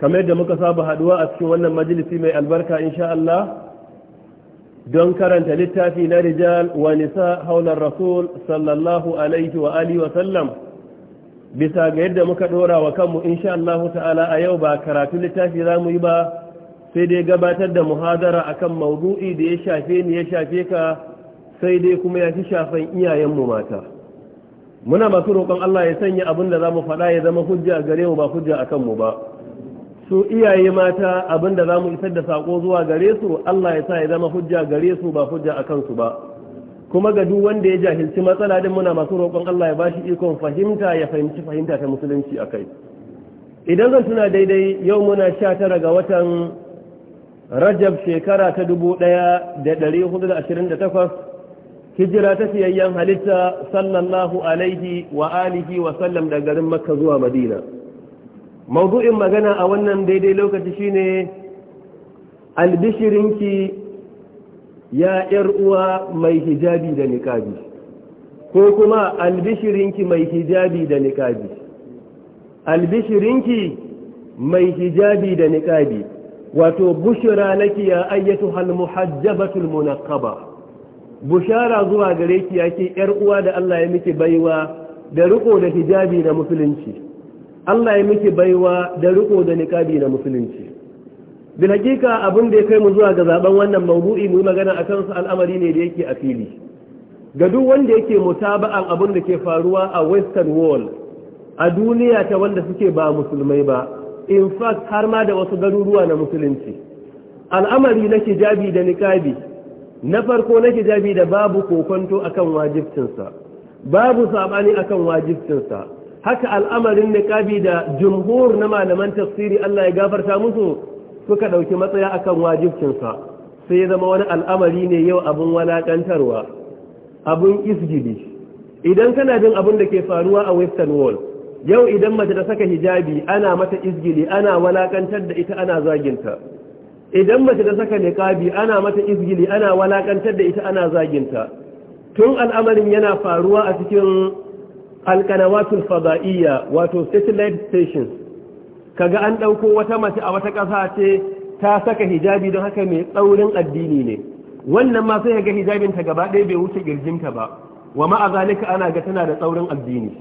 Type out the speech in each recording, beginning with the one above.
kamar yadda muka saba haduwa a cikin wannan majalisi mai albarka insha Allah don karanta littafi na rijal wa nisa haular rasul sallallahu alaihi wa alihi wa sallam bisa ga yadda muka dora wa kanmu insha Allah ta'ala a yau ba karatu littafi za mu yi ba sai dai gabatar da muhadara akan maudu'i da ya shafe ni ya shafe ka sai dai kuma ya fi shafan iyayenmu mata muna masu roƙon Allah ya sanya abin da za mu faɗa ya zama hujja gare mu ba hujja a kanmu ba su iyaye mata abinda za mu isar da sako zuwa gare su Allah ya sa ya zama hujja gare su ba hujja a kansu ba kuma ga duk wanda ya jahilci matsala din muna masu roƙon Allah ya ba shi ikon fahimta ya fahimci fahimta ta musulunci a kai idan zan tuna daidai yau muna sha tara ga watan rajab shekara ta dubu ɗaya da ɗari hudu da ashirin da takwas hijira ta fiyayyen halitta sallallahu alaihi wa alihi wa sallam da garin makka zuwa madina mawdu'in magana a wannan daidai lokaci shine albishirinki ya yar uwa mai hijabi da niqabi ko kuma albishirinki mai hijabi da niƙabi, albishirinki mai hijabi da niƙabi wato bushira laki ya ayyatu hal muhajjabatul munaqqaba bushara zuwa gare ki yake yar uwa da Allah ya miki baiwa da riko da hijabi na musulunci Allah ya miki baiwa da riko da niƙabi na musulunci bil hakika abin da ya kai mu zuwa ga zaben wannan mawdu'i mu magana a su al'amari ne da yake a fili ga duk wanda yake mutaba'an abin da ke faruwa a western Wall a duniya ta wanda suke ba musulmai ba in fact har ma da wasu garuruwa na musulunci al'amari na hijabi da niƙabi na farko na hijabi da babu kokonto akan wajibcinsa babu saɓani akan wajibcinsa haka al'amarin niƙabi da jumhur na malaman tafsiri Allah ya gafarta musu suka ɗauki matsaya akan wajibcin sa sai ya zama wani al'amari ne yau abun walakantarwa abun isgidi idan kana jin abun da ke faruwa a western world yau idan mace ta saka hijabi ana mata isgidi ana walakantar da ita ana zaginta idan mace ta saka niqabi ana mata isgili ana walakantar da ita ana zaginta tun al'amarin yana faruwa a cikin alkanawatul fada'iyya wato satellite stations kaga an ɗauko wata mace a wata kasa ce ta saka hijabi don haka mai tsaurin addini ne wannan ma sai ga hijabin ta gaba ɗaya bai wuce girjinta ba wa ma'a zalika ana ga tana da tsaurin addini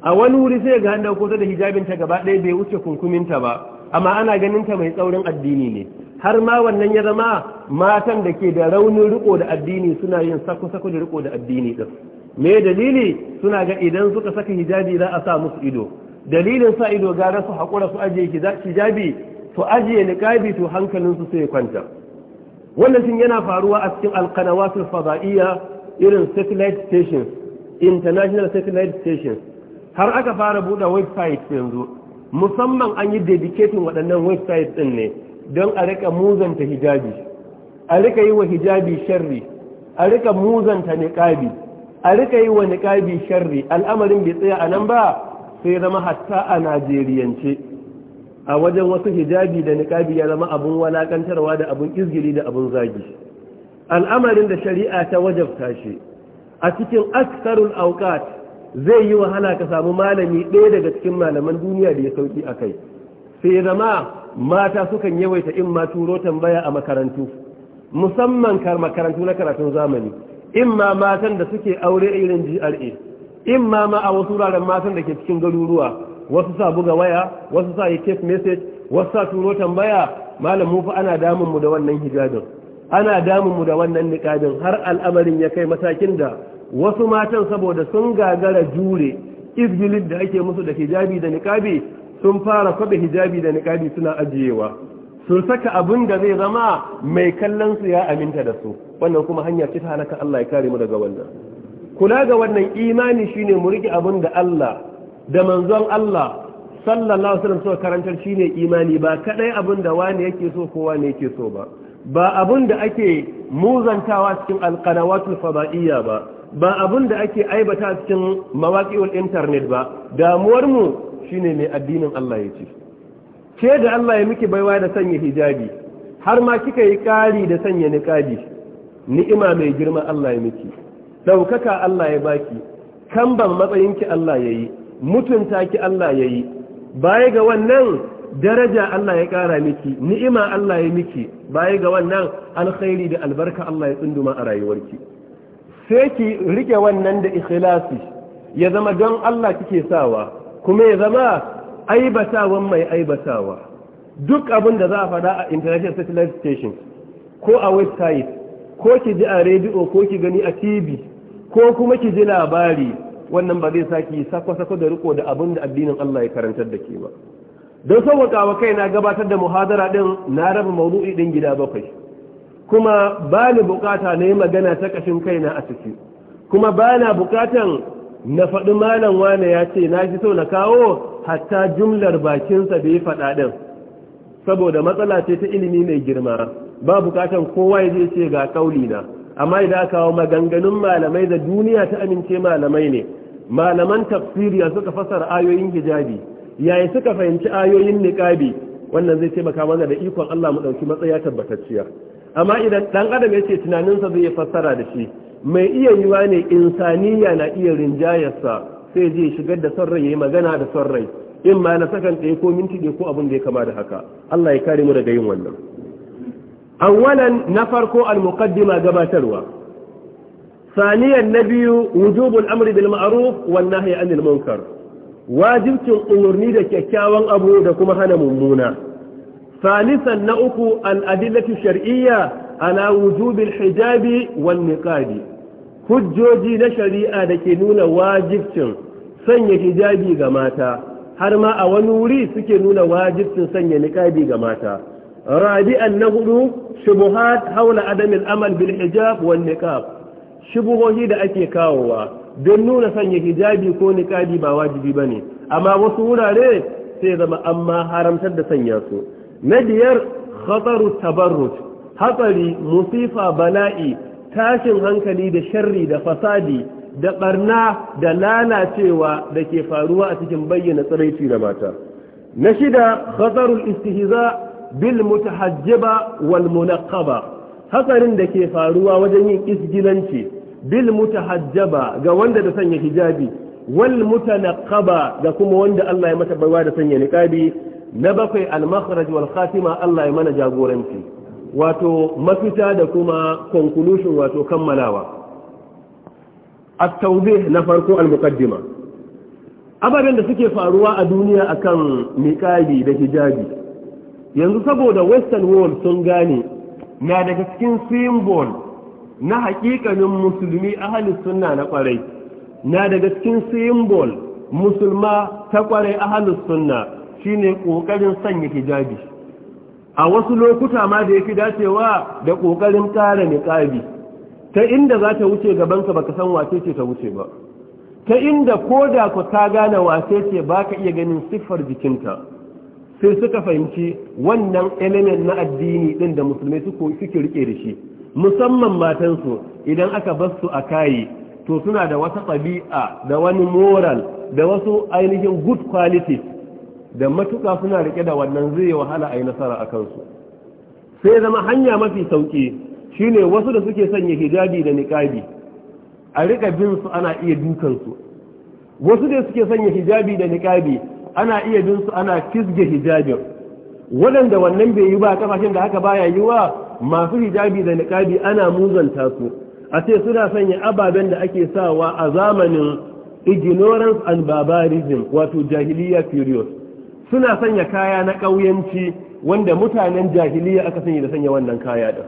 a wani wuri sai ga an dauko ta da hijabin ta gaba ɗaya bai wuce kunkumin ta ba amma ana ganin ta mai tsaurin addini ne har ma wannan ya zama matan da ke da raunin riko da addini suna yin sako-sako da riko da addini din me dalili suna ga idan suka saka hijabi za a sa musu ido dalilin sa ido gara su haƙura su ajiye hijabi su ajiye niƙabi to su sai kwanta wannan shin yana faruwa a cikin alkanawatul fada'iyya irin satellite stations international satellite stations har aka fara buɗe website yanzu musamman an yi dedicating waɗannan website ɗin ne don a rika muzanta hijabi a rika yi wa hijabi sharri a rika muzanta niƙabi a rika yi wa niƙabi sharri al'amarin bai tsaya a nan ba sai zama hatta a najeriyance a wajen wasu hijabi da niƙabi ya zama abun walakantarwa da abun izgili da abun zagi al'amarin da shari'a ta wajabta shi a cikin aksarul aukat, zai yi wahala ka samu malami ɗaya daga cikin malaman duniya da ya sauki a kai sai zama mata sukan yawaita in ma turo tambaya a makarantu musamman makarantu na karatun zamani imma matan da suke aure irin GRA imma ma a wasu wuraren matan da ke cikin garuruwa wasu sa buga waya wasu sa yi text message wasu sa turo tambaya malam mu fa ana damun mu da wannan hijabin ana damun mu da wannan niqabin har al'amarin ya kai matakin da wasu matan saboda sun gagara jure izgilid da ake musu da hijabi da niqabi sun fara kwabe hijabi da niqabi suna ajiyewa sun saka abin da zai zama mai kallon su ya aminta da su wannan kuma hanya ce ta halaka Allah ya kare mu daga wannan kula ga wannan imani shine mu rike abin da Allah da manzon Allah sallallahu alaihi wasallam suka karantar shine imani ba kadai abin da wani yake so ko wani yake so ba ba abin da ake muzantawa cikin alqanawatul fada'iyya ba ba abin da ake aibata cikin mawaqi'ul internet ba damuwar mu shine mai addinin Allah ya ce ke da Allah ya miki baiwa da sanya hijabi har ma kika yi kari da sanya niqabi ni'ima mai girma Allah ya miki ɗaukaka Allah ya baki kamban ki Allah ya yi mutunta ki Allah ya yi baya ga wannan daraja Allah ya ƙara miki ni'ima Allah ya miki baya ga wannan alkhairi da albarka Allah ya tsunduma a rayuwarki sai ki rike wannan da ikhlasi ya zama don Allah kike sawa kuma ya zama aibatawan mai aibatawa duk abin da za a faɗa a international satellite station ko a website ko ki ji a rediyo ko ki gani a tv ko kuma ki ji labari wannan ba zai saki sako-sako da riko da abin da addinin Allah ya karantar da ke ba don sauwaka wa kai na gabatar da muhadara din na raba maudu'i din gida bakwai kuma ba ni bukata na yi magana ta kashin kaina a ciki kuma ba na bukatan na faɗi malam wane ya ce na fi so na kawo hatta jumlar bakinsa bai faɗa ɗin saboda matsala ce ta ilimi mai girma ba bukatan kowa ya je ce ga kauli na amma idan aka kawo maganganun malamai da duniya ta amince malamai ne malaman tafsiri suka fasara ayoyin hijabi yayin suka fahimci ayoyin niqabi wannan zai taimaka mana da ikon Allah mu dauki matsaya tabbatacciya amma idan dan adam ya ce tunaninsa zai fassara da shi mai iya yiwa ne insaniya na iya rinjayarsa sai zai shigar da son rai yayi magana da son rai in ma na sakan ɗaya ko minti ko abin da ya kama da haka Allah ya kare mu daga yin wannan awwalan na farko al-muqaddima gabatarwa saniyan na biyu wujubul amri bil ma'ruf wan nahyi anil munkar wajibcin umurni da kyakkyawan abu da kuma hana mummuna salisan na uku al-adillatu shar'iyya ala wujubil hijabi wan niqabi hujjoji na shari'a da ke nuna wajibcin sanya hijabi ga mata har ma a wani wuri suke nuna wajibcin sanya niqabi ga mata rabi'an na hudu shubuhat hauna adamin amal bil hijab wal niqab shubuhohi da ake kawowa don nuna sanya hijabi ko niqabi ba wajibi ba ne amma wasu wurare sai zama amma haramtar da sanya su na biyar khataru tabarruj hatsari musifa bala'i tashin hankali da sharri da fasadi da barna da lalacewa da ke faruwa a cikin bayyana tsiraici da mata na shida khatarul istihza bil mutahajjiba wal munaqqaba hatsarin da ke faruwa wajen yin isgilanci bil mutahajjaba ga wanda da sanya hijabi wal mutanaqqaba da kuma wanda Allah ya mata baiwa da sanya niqabi na bakwai al makhraj wal khatima Allah ya mana jagoranci wato mafita da kuma conclusion wato kammalawa at-tawdih na farko al muqaddima da suke faruwa a duniya akan niqabi da hijabi yanzu saboda western world sun gane na daga cikin symbol na hakikanin musulmi ahalin sunna na kwarai na daga cikin symbol musulma ta kwarai ahalin sunna shine kokarin sanya hijabi a wasu lokuta ma da yafi dacewa da kokarin kare niqabi ta inda za ta wuce gaban ka baka san wace ce ta wuce ba ta inda ko da ku ta gane wace ce baka iya ganin siffar jikinta sai suka fahimci wannan element na addini din da musulmai suke rike da shi musamman matansu idan aka bar a kayi to suna da wata ɗabi'a da wani moral da wasu ainihin good qualities da matuka suna rike da wannan zai yi wahala a yi nasara a kansu sai zama hanya mafi sauki shine wasu da suke sanya hijabi da niqabi a rika bin su ana iya dukansu wasu da suke sanya hijabi da niqabi ana iya bin su ana kisge hijabin waɗanda wannan bai yi ba kafashin da haka baya yi wa masu hijabi da niqabi ana muzanta su a ce suna sanya ababen da ake sawa a zamanin ignorance and barbarism wato jahiliya period suna sanya kaya na ƙauyanci wanda mutanen jahiliya aka sanya da sanya wannan kaya din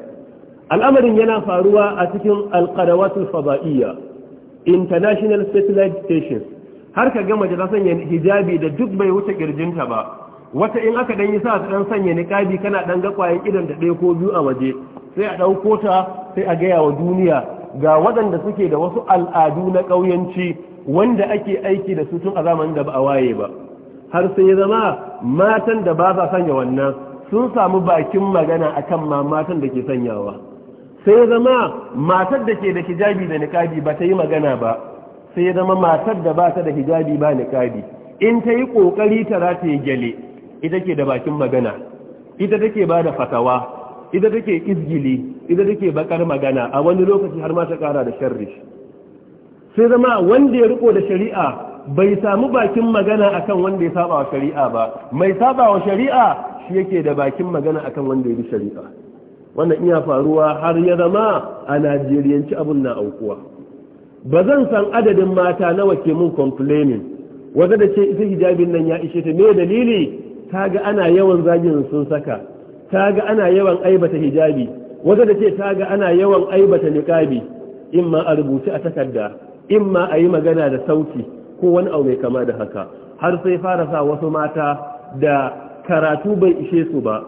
al'amarin yana faruwa a cikin alqadawatul fada'iyya international satellite stations har ka gama da sanya hijabi da duk bai wuce kirjinta ba wata in aka dan yi sa ta dan sanya niqabi kana dan ga kwayan idan da ɗaya ko biyu a waje sai a ɗauko ta sai a gaya wa duniya ga waɗanda suke da wasu al'adu na ƙauyanci wanda ake aiki da su tun a zamanin da ba a waye ba har sai zama matan da ba sa sanya wannan sun samu bakin magana akan ma matan da ke sanyawa sai zama matar da ke da hijabi da niqabi ba ta yi magana ba sai ya zama matar da ba ta da hijabi ba niqabi in ta yi kokari ta rataye gyale ita ke da bakin magana ita take ba da fatawa ita take izgili ita take bakar magana a wani lokaci har ma ta kara da sharri sai zama wanda ya riko da shari'a bai samu bakin magana akan wanda ya saba wa shari'a ba mai saba wa shari'a shi yake da bakin magana akan wanda ya bi shari'a wannan iya faruwa har ya zama a najeriyanci abun na aukuwa ba zan san adadin mata nawa ke mun complaining wanda da ce ita hijabin nan ya ishe ta me dalili kaga ana yawan zagin sun saka kaga ana yawan aibata hijabi wanda da ce kaga ana yawan aibata niqabi ma a rubuce a takarda imma a yi magana da sauti ko wani abu mai kama da haka har sai fara sa wasu mata da karatu bai ishe su ba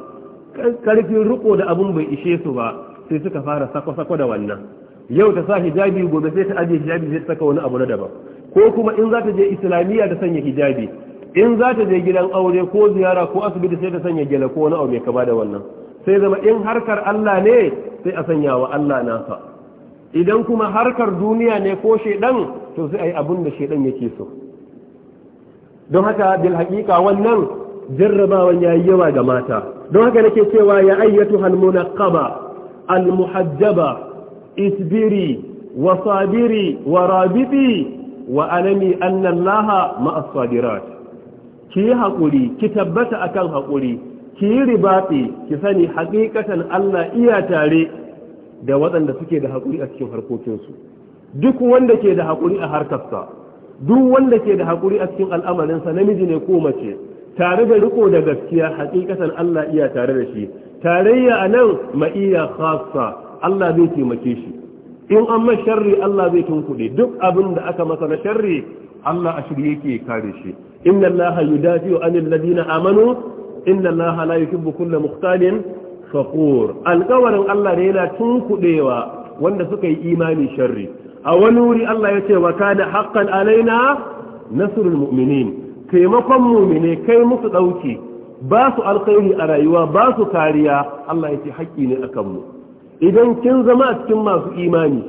karfin riko da abun bai ishe su ba sai suka fara sako-sako da wannan yau ta sa hijabi gobe sai ta aje hijabi sai ta saka wani abu na daban ko kuma in za ta je islamiyya ta sanya hijabi in za ta je gidan aure ko ziyara ko asibiti sai ta sanya gele ko wani abu mai kama da wannan sai zama in harkar Allah ne sai a sanya wa Allah nasa idan kuma harkar duniya ne ko shedan to sai yi abun da shedan yake so don haka bil haqiqa wannan jarrabawan yayi yawa ga mata don haka nake cewa ya ayyatu hal munaqqaba al muhajjaba isbiri wa sabiri wa rabiti wa alami anna allaha ma'as ki yi haƙuri ki tabbata akan haƙuri ki yi ribati ki sani haƙiƙatan Allah iya tare da waɗanda suke da haƙuri a cikin harkokinsu duk wanda ke da haƙuri a harkarsa duk wanda ke da haƙuri a cikin al'amarinsa namiji ne ko mace tare da riko da gaskiya haƙiƙatan Allah iya tare da shi tarayya anan ma'iyya ma'iya khassa Allah zai taimake shi in an ma sharri Allah zai tunkuɗe duk abin da aka masa na sharri Allah a shirye yake kare shi inna Allah yudafi'u anil ladina amanu inna Allah la yuhibbu kulla mukhtalin faqur alƙawarin Allah ne yana tunkuɗewa wanda suka yi imani sharri a wani wuri Allah ya ce wa kana haqqan alaina nasrul mu'minin taimakon mu'mine kai musu dauki ba su alkhairi a rayuwa ba su kariya Allah ya ce haƙƙi ne akan mu idan kin zama a cikin masu imani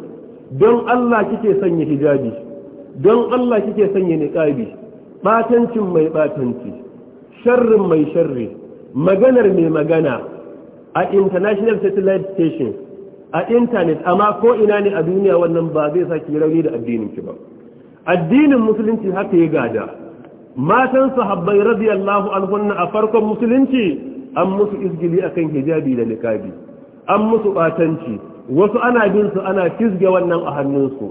don Allah kike sanya hijabi don Allah kike sanya niqabi batancin mai batanci sharrin mai sharri maganar mai magana a international satellite station a internet amma ko ina ne a duniya wannan ba zai sa ki rauni da addinin ki ba addinin musulunci haka ya gada matan sahabbai radiyallahu anhunna a farkon musulunci an musu izgili akan hijabi da niqabi an musu batanci wasu ana bin su ana fisge wannan a hannunsu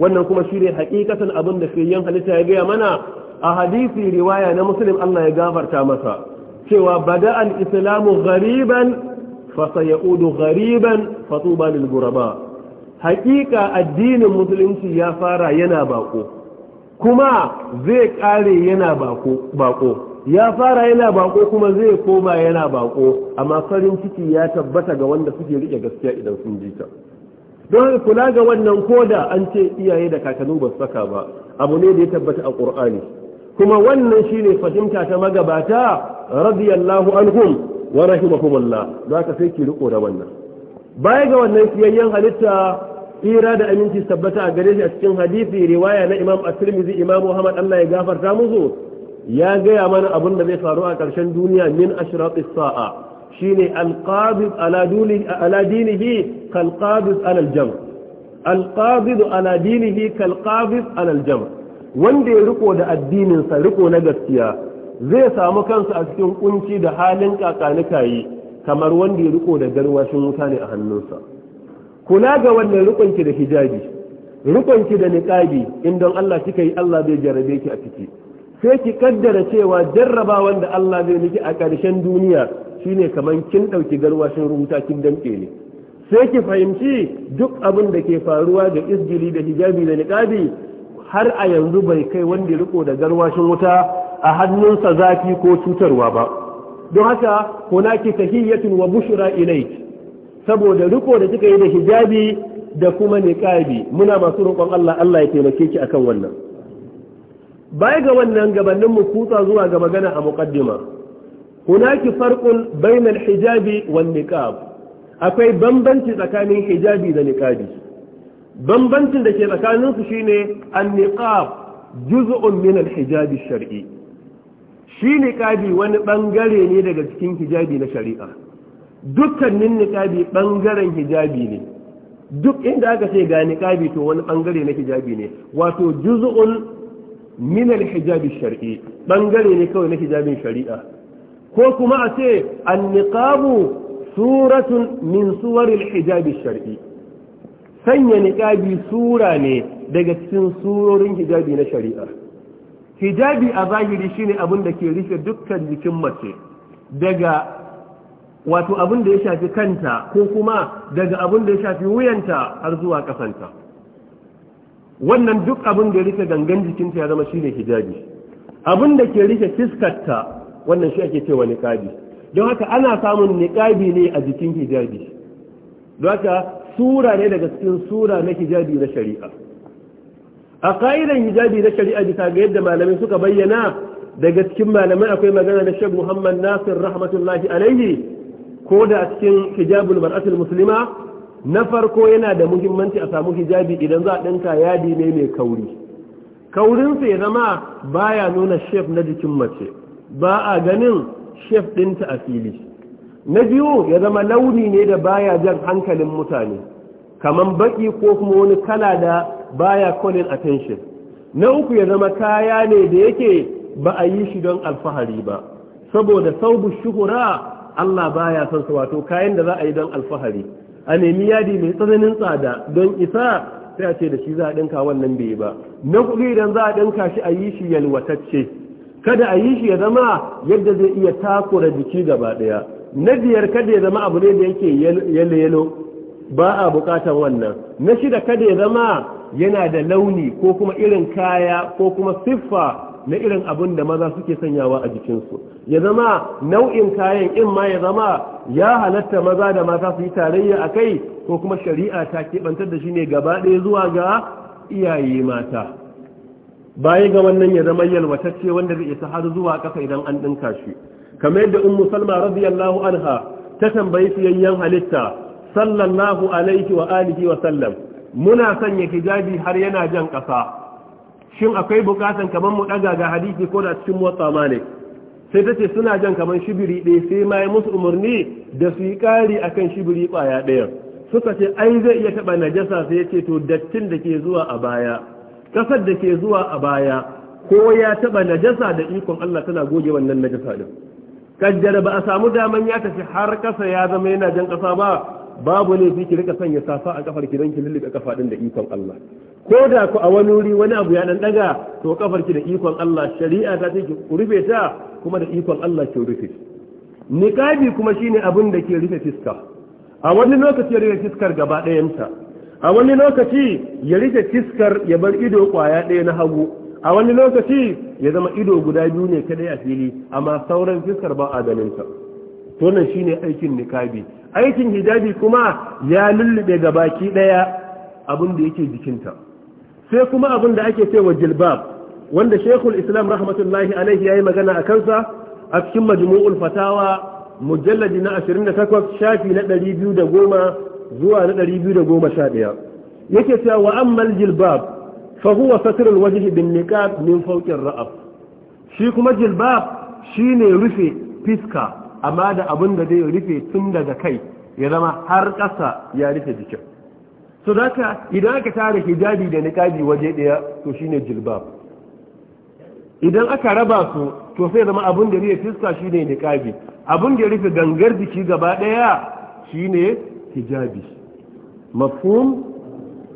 wannan kuma shi ne hakikatan abin da fiyayyen halitta ya gaya mana a hadisi riwaya na musulun Allah ya gafarta masa cewa bada al-islamu ghariban fa sayaudu ghariban fa tuba lil ghuraba hakika addinin musulunci ya fara yana bako kuma zai kare yana bako bako ya fara yana bako kuma zai koma yana bako amma farin ciki ya tabbata ga wanda suke rike gaskiya idan sun ji ta don kula ga wannan koda an ce iyaye da kakanni ba saka ba abu ne da ya tabbata a qur'ani kuma wannan shine fahimta ta magabata radiyallahu anhum wa rahimahumullah zaka sai ki riko da wannan baya ga wannan kiyayyen halitta tsira da aminci tabbata a gare shi a cikin hadisi riwaya na imam at-tirmidhi imam muhammad Allah ya gafarta musu ya gaya mana abin da zai faru a ƙarshen duniya min ashraqis sa'a shine alqabid ala duli ala dinihi kalqabid ala aljam alqabid ala dinihi kalqabid ala aljam wanda ya riko da addinin sa riko na gaskiya zai samu kansa a cikin kunci da halin kakanika kamar wanda ya riko da garwashin wuta ne a hannunsa kula ga wannan rikon ki da hijabi rikon ki da niqabi in don Allah kika yi Allah zai jarabe ki a ciki sai ki kaddara cewa jarraba wanda Allah zai niki a ƙarshen duniya shine kamar kin ɗauki garwashin rubuta kin damke ne sai ki fahimci duk abin da ke faruwa da isgili da hijabi da niƙabi har a yanzu bai kai wanda riko da garwashin wuta a hannunsa zafi ko cutarwa ba don haka hunaki tahiyyatun wa bushra ilayk saboda riko da kika yi da hijabi da kuma niqabi muna masu roƙon Allah Allah ya taimake ki akan wannan baya ga wannan gabaninmu mu kutsa zuwa ga magana a muqaddima hunaki farqun bainal hijabi wan niqab akwai bambanci tsakanin hijabi da niqabi bambancin da ke tsakaninsu su shine an-niqab juz'un min al-hijabi shar'i shi niqabi wani bangare ne daga cikin hijabi na shari'a dukkanin niqabi bangaren hijabi ne duk inda aka ce ga niqabi to wani bangare na hijabi ne wato juz'un Minal hijabi shar'i bangare ne kawai na hijabin shari'a ko kuma a ce annikabu suratun min suwaril hijabi shar'i sanya niqabi sura ne daga cikin surorin hijabi na shari'a hijabi a zahiri shine abin da ke rufe dukkan jikin mace daga wato abin da ya shafi kanta ko kuma daga abin da ya shafi wuyanta har zuwa kasanta wannan duk abin da ya rike gangan jikinta ya zama shine hijabi abin da ke rike fiskarta wannan shi ake cewa niqabi don haka ana samun niqabi ne a jikin hijabi don haka sura ne daga cikin sura na hijabi na shari'a a ka'idan hijabi na shari'a bisa ga yadda malamai suka bayyana daga cikin malamai akwai magana na Sheikh Muhammad Nasir rahmatullahi alaihi ko da a cikin hijabul mar'atul muslima na farko yana da muhimmanci a samu hijabi idan za a ɗinka yadi ne mai kauri kaurinsa ya zama baya nuna shef na jikin mace ba a ganin shef ɗinta a fili na biyu ya zama launi ne da baya jan hankalin mutane kamar baki ko kuma wani kala da baya calling attention na uku ya zama kaya ne da yake ba a yi shi don alfahari ba saboda saubu shuhura Allah baya son su wato kayan da za a yi don alfahari a nemi yadi mai tsananin tsada don isa sai a ce da shi za a ɗinka wannan bai ba na kuɗi idan za a ɗinka shi a yi shi yalwatacce kada a yi shi ya zama yadda zai iya takura jiki gaba ɗaya na biyar kada ya zama abu ne da yake yalo yalo ba a buƙatar wannan na shida kada ya zama yana da launi ko kuma irin kaya ko kuma siffa na irin abin da maza suke sanyawa a jikinsu ya zama nau'in kayan in ma ya zama ya halatta maza da mata su yi tarayya a kai ko kuma shari'a ta keɓantar da shi ne gaba ɗaya zuwa ga iyaye mata baya ga wannan ya zama yalwatacce wanda zai isa har zuwa ƙasa idan an ɗinka shi kamar yadda in salma radiyallahu anha ta tambayi siyayyen halitta sallallahu alaihi wa alihi wa sallam muna sanya hijabi har yana jan ƙasa shin akwai bukatan kamar mu daga ga hadisi ko da cikin motsa ne sai ta ce suna jan kaman shibiri ɗaya sai ma ya musu umarni da su yi ƙari a shibiri ƙwaya ɗaya suka ce ai zai iya taɓa najasa sai ya ce to dattin da ke zuwa a baya ƙasar da ke zuwa a baya ko ya taɓa najasa da ikon Allah tana goge wannan najasa ɗin kaddara ba a samu daman ya tafi har ƙasa ya zama yana jan ƙasa ba babu ne ki rika sanya safa a kafar ki don ki lulluɓe kafa ɗin da ikon Allah ko da ku a wani wuri wani abu ya daga to ki da ikon Allah shari'a ta ce ki rufe ta kuma da ikon Allah ke rufe niqabi kuma shine abin da ke rufe fiska a wani lokaci ya rufe fiskar gaba ɗayanta a wani lokaci ya rufe fiskar ya bar ido kwaya ɗaya na hagu a wani lokaci ya zama ido guda biyu ne kadai a fili amma sauran fiskar ba a ganin ta to nan shine aikin nikabi aikin hijabi kuma ya lullube gabaki ɗaya abin da yake jikinta sai kuma abin da ake cewa jilbab wanda shekul islam rahmatullahi alaihi ya yi magana a kansa a cikin majmu'ul fatawa mujalladi na 28 shafi na 210 zuwa na 211 yake cewa wa ammal jilbab fa huwa satr alwajhi bin niqab min fawqi ar shi kuma jilbab shine rufe fiska amma da abin da zai rufe tun daga kai ya zama har ƙasa ya rufe jikin so zaka idan aka tara hijabi da niqabi waje daya to shine jilbab idan aka raba su to sai zama abun da rufe fiska shine niqabi abun da rufe gangar jiki gaba daya shine hijabi mafhum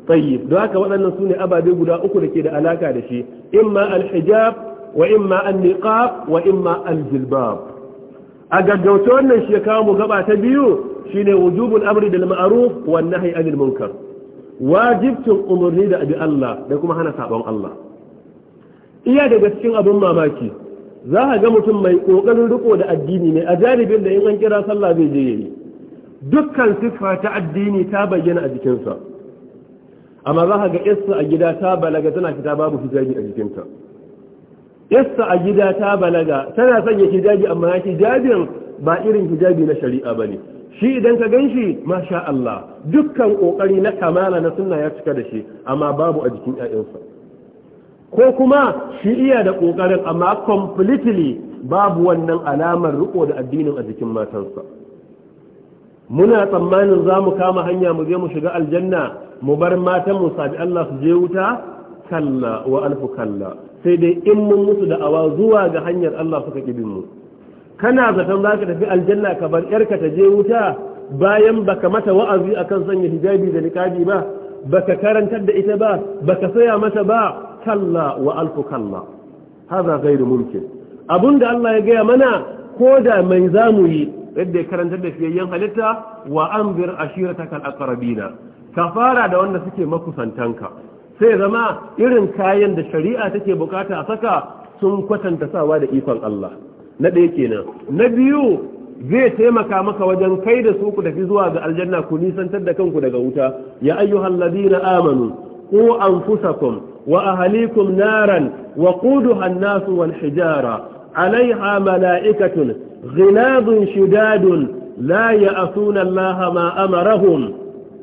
tayyib don haka waɗannan sune ababe guda uku da ke da alaka da shi imma al-hijab wa imma al-niqab wa imma al-jilbab a gaggauta wannan mu gaba ta biyu shine wujubul amri bil ma'ruf wan nahyi anil munkar wajibcin umarni da abi Allah da kuma hana sabon Allah iya daga cikin abin mamaki za a ga mutum mai kokarin riko da addini ne a jaribin da in an kira sallah zai je yi. dukkan siffa ta addini ta bayyana a jikinsa amma za ka ga issa a gida ta balaga tana fita babu hijabi a jikinta issa a gida ta balaga tana sanya hijabi amma hijabin ba irin hijabi na shari'a ba ne. shi idan ka gan shi masha Allah dukkan kokari na kamala na sunna ya cika da shi amma babu a jikin ƴaƴansa ko kuma shi iya da kokarin amma completely babu wannan alamar riko da addinin a jikin matansa muna tsammanin za mu kama hanya mu je mu shiga aljanna mu bar matan mu sabi Allah su je wuta kalla wa alfu kalla sai dai in mun musu da awa zuwa ga hanyar Allah suka kibin mu kana zaton za ka tafi aljanna ka bar yarka ta je wuta bayan baka mata wa'azi akan sanya hijabi da niqabi ba baka karantar da ita ba baka saya mata ba kalla wa alfu kalla hadha ghairu mumkin abunda Allah ya gaya mana ko da mai zamu yi yadda ya karantar da fiyayyen halitta wa anzir ashiratakal aqrabina ka fara da wanda suke makusantanka sai zama irin kayan da shari'a take bukata a saka sun kwatanta sawa da ikon Allah na ɗaya kenan na biyu zai taimaka maka wajen kai da su ku tafi zuwa ga aljanna ku nisantar da kanku daga wuta ya ayyuhal ladina amanu ku anfusakum wa ahlikum naran wa quduha an-nas wal hijara alaiha mala'ikatun ghilabun shidadun la ya'suna allaha ma amarahum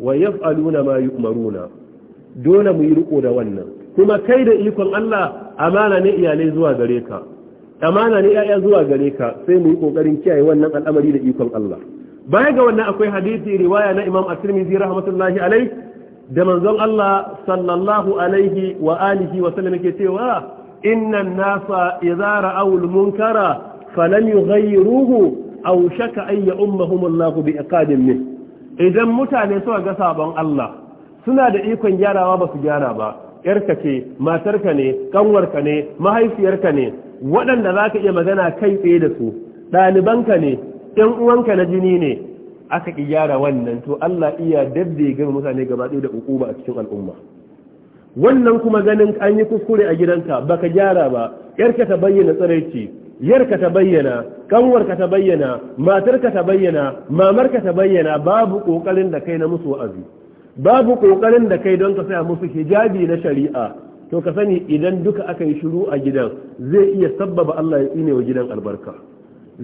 wa yaf'aluna ma yu'maruna dole mu yi riko da wannan kuma kai da ikon Allah amana ne iyalai zuwa gare ka amana ne ya'ya zuwa gare ka sai mu yi kokarin kiyaye wannan al'amari da ikon Allah baya ga wannan akwai hadisi riwaya na Imam At-Tirmidhi rahmatullahi alaihi da manzon Allah sallallahu alaihi wa alihi wa sallam yake cewa inna nasa idza ra'aw al-munkara falam yughayyiruhu aw shaka an ya'ummahum Allah bi iqadin min idan mutane suka ga sabon Allah suna da ikon gyarawa ba su gyara ba yarka ce matarka ne kanwarka ne mahaifiyarka ne waɗanda za ka iya magana kai tsaye da su ɗalibanka ne ɗan uwanka na jini ne aka ƙi gyara wannan to Allah iya dabbe gama mutane gaba ɗaya da ukuba a cikin al'umma wannan kuma ganin an yi kuskure a gidanka baka gyara ba yarka ta bayyana tsiraici yarka ta bayyana ƙanwarka ta bayyana matarka ta bayyana mamarka ta bayyana babu ƙoƙarin da kai na musu wa'azi babu ƙoƙarin da kai don ka saya musu hijabi na shari'a to ka sani idan duka aka yi shiru a gidan zai iya sabbaba Allah ya tsine wa gidan albarka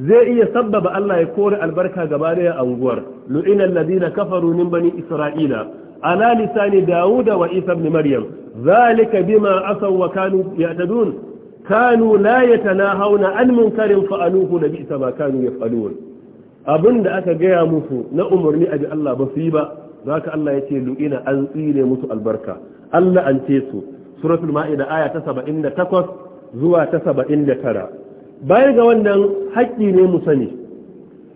zai iya sabbaba Allah ya kore albarka gaba daya a unguwar lu'ina alladhina kafaru min bani isra'ila ala lisani dauda wa isa ibn maryam zalika bima asaw wa kanu ya'tadun kanu la yatanahawna an munkarin fa'aluhu nabi isa ma kanu yaf'alun abinda aka gaya musu na umarni abi Allah ba su yi ba zaka Allah ya ce lu'ina an tsire musu albarka Allah an ce su suratul ma'ida aya ta 78 zuwa ta tara, baya ga wannan haƙƙi ne mu sani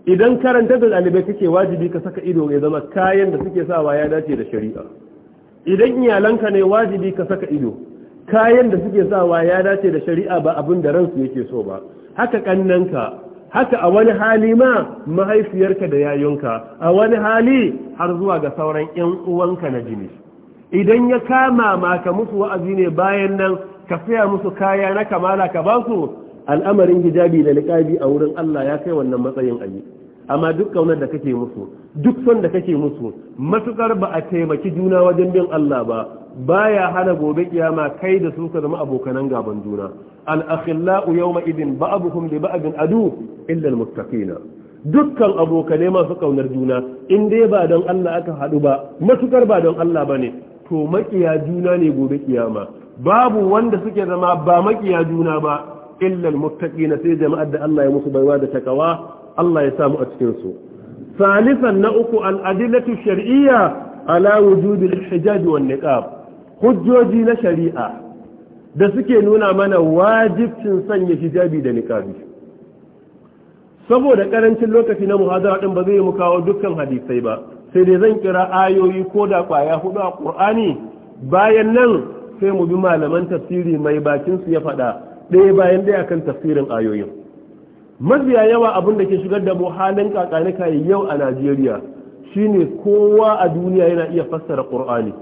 idan karanta da ɗalibai kake wajibi ka saka ido ya zama kayan da suke sawa ya dace da shari'a idan iyalanka ne wajibi ka saka ido kayan da suke sawa ya dace da shari'a ba abin da ransu yake so ba haka kannanka haka a wani hali ma mahaifiyarka da yayonka a wani hali har zuwa ga sauran 'yan uwanka na jini idan ya kama maka ka musu wa'azi ne bayan nan ka saya musu kaya na kamala ka ba su al'amarin hijabi da niqabi a wurin Allah ya kai wannan matsayin ayi amma duk kaunar da kake musu duk son da kake musu matukar ba a taimaki juna wajen bin Allah ba baya hana gobe kiyama kai da su ka zama abokanan gaban juna al-akhillau yawma idin ba'dhum li ba'din adu illa al-muttaqina dukkan abokanai masu kaunar juna in dai ba don Allah aka haɗu ba matukar ba don Allah ba ne to maƙiya juna ne gobe kiyama babu wanda suke zama ba maƙiya juna ba illal na sai jama'ar da Allah ya musu baiwa da takawa Allah ya samu a cikin su salisan na uku al-adillatu shar'iyya ala wujudi al-hijaj wan niqab hujjoji na shari'a da suke nuna mana wajibcin sanya hijabi da niqabi saboda karancin lokaci na muhadara din ba zai mu kawo dukkan hadisai ba sai dai zan kira ayoyi ko da kwaya hudu a ƙur'ani bayan nan sai mu bi malaman tafsiri mai bakin su ya faɗa ɗaya bayan ɗaya akan tafsirin ayoyin mafiya yawa abin da ke shigar da mu halin yau a najeriya shine kowa a duniya yana iya fassara ƙur'ani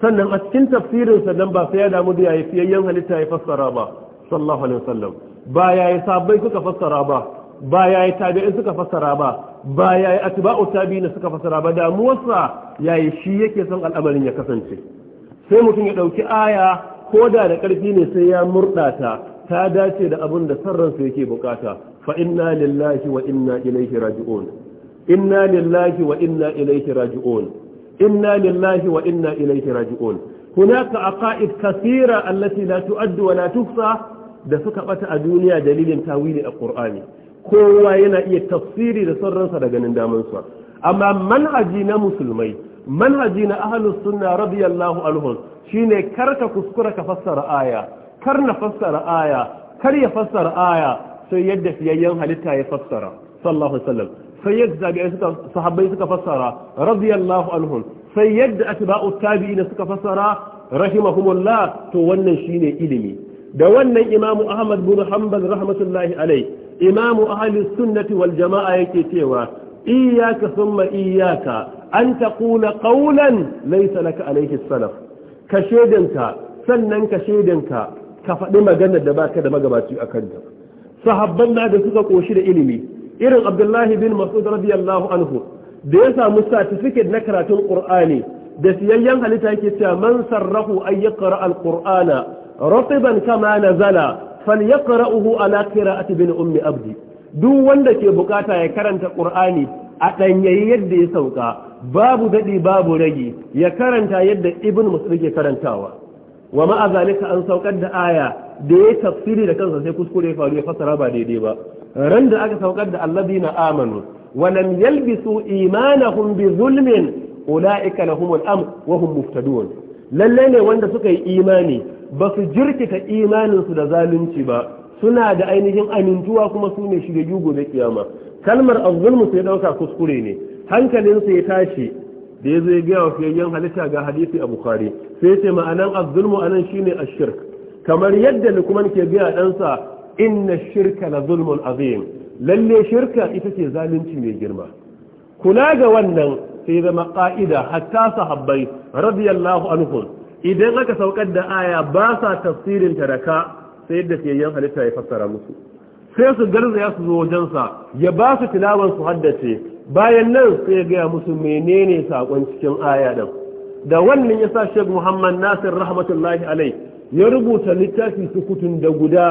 sannan a cikin tafsirin sannan ba sai ya damu da yayi fiyayyen halitta ya fassara ba sallallahu alaihi wasallam ba yayi sabbai kuka fassara ba ba ya yi tabi'in suka fasara ba ba ya yi atiba'u tabi'in suka fasara ba damuwarsa ya yi shi yake son al'amarin ya kasance sai mutum ya ɗauki aya ko da da ƙarfi ne sai ya murɗa ta ta dace da abin da ransa yake bukata fa inna lillahi wa inna ilaihi raji'un inna lillahi wa inna ilaihi raji'un inna lillahi wa inna ilaihi raji'un hunaka aqaid kathira allati la tu'addu wa la tuhsa da suka bata a duniya dalilin tawili a qur'ani kowa yana iya tafsiri da son ransa da ganin damansa amma manhaji na musulmai manhaji na ahlus sunna radiyallahu anhum shine karka kuskura ka fassara aya kar na fassara aya kar ya fassara aya sai yadda fiyayyen halitta ya fassara sallallahu alaihi wasallam sai yadda tabi'ai suka sahabbai suka fassara radiyallahu anhum sai yadda atba'u tabi'ina suka fassara rahimahumullah to wannan shine ilimi da wannan imamu ahmad bin hanbal rahmatullahi alaihi imamu ahli sunnati wal jama'a yake cewa iyaka, summa iyyaka an kula ƙaunan laisa laka alayhi salaf ka shedanka sannan ka shedanka ka faɗi maganar da baka da magabaci a kanta sahabban na da suka koshi da ilimi irin abdullahi bin mas'ud radiyallahu anhu da ya samu certificate na karatun qur'ani da siyayyen halitta yake cewa man sarrahu ay yaqra al-qur'ana raqiban kama nazala uhu a qira'ati bin ummi abdi duk wanda ke bukata ya karanta ƙur'ani a ɗanyayi yadda ya sauka babu daɗi babu rage ya karanta yadda ibn muslim ke karantawa wa ma'a an saukar da aya da ya tafsiri da kansa sai kuskure ya faru ya fasara ba daidai ba ran da aka saukar da alladina amanu wa lam yalbisu imanahum bi zulmin ulaika lahumul amr wa hum muftadun lalle ne wanda suka yi imani ba su jirkita imaninsu da zalunci ba suna da ainihin amintuwa kuma su ne shigaggu gobe kiyama kalmar azzulmu sai dauka kuskure ne hankalinsa ya tashi da ya zai gaya wa fiyayyen halitta ga hadisi a bukhari sai ce ma'anan azzulmu anan shine ashirk kamar yadda lukman ke biya ɗansa inna shirka la zulmun azim lalle shirka ita ce zalunci mai girma kula ga wannan sai zama ƙa'ida hatta sahabbai radiyallahu anhu idan aka saukar da aya ba sa tafsirin ta da ka sai yadda yin halitta ya fassara musu sai su garzaya su zo wajensa ya ba su tilawan su haddace bayan nan sai gaya musu menene sakon cikin aya din da wannan yasa Sheikh Muhammad Nasir rahmatullahi alai ya rubuta littafi sukutun da guda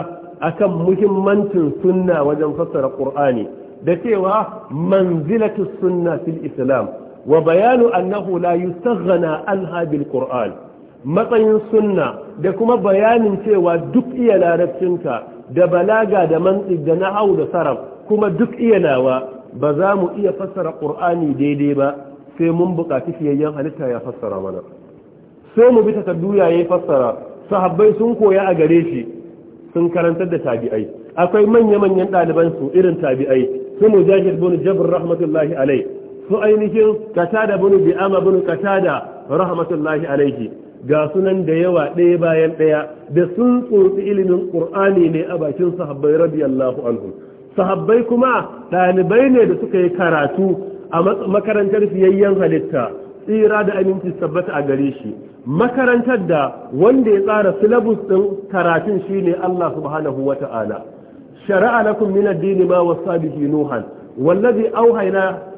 akan muhimmancin sunna wajen fassara Qur'ani da cewa manzilatu sunna fil Islam wa bayanu annahu la yustaghna anha bil Qur'an matsayin sunna da kuma bayanin cewa duk iya larabcinka da balaga da mantsi da nahau da sarab kuma duk iya nawa ba za mu iya fassara ƙur'ani daidai ba sai mun buƙaci fiyayyen halitta ya fassara mana sai mu bi takardu ya fassara sahabbai sun koya a gare shi sun karantar da tabi'ai akwai manya-manyan ɗaliban su irin tabi'ai su jahil bin jabr rahmatullahi alai su ainihin katada bin bi'ama bin katada rahmatullahi alaihi ga sunan da yawa ɗaya bayan ɗaya da sun tsotsi ilimin ƙur'ani ne a bakin sahabbai radiyallahu anhu sahabbai kuma ɗalibai ne da suka yi karatu a makarantar fiyayyen halitta tsira da aminci tabbata a gare shi makarantar da wanda ya tsara silabus ɗin karatun shine Allah subhanahu wa ta'ala shari'a lakum min addini ma wasa bihi nuhan wallazi auhayna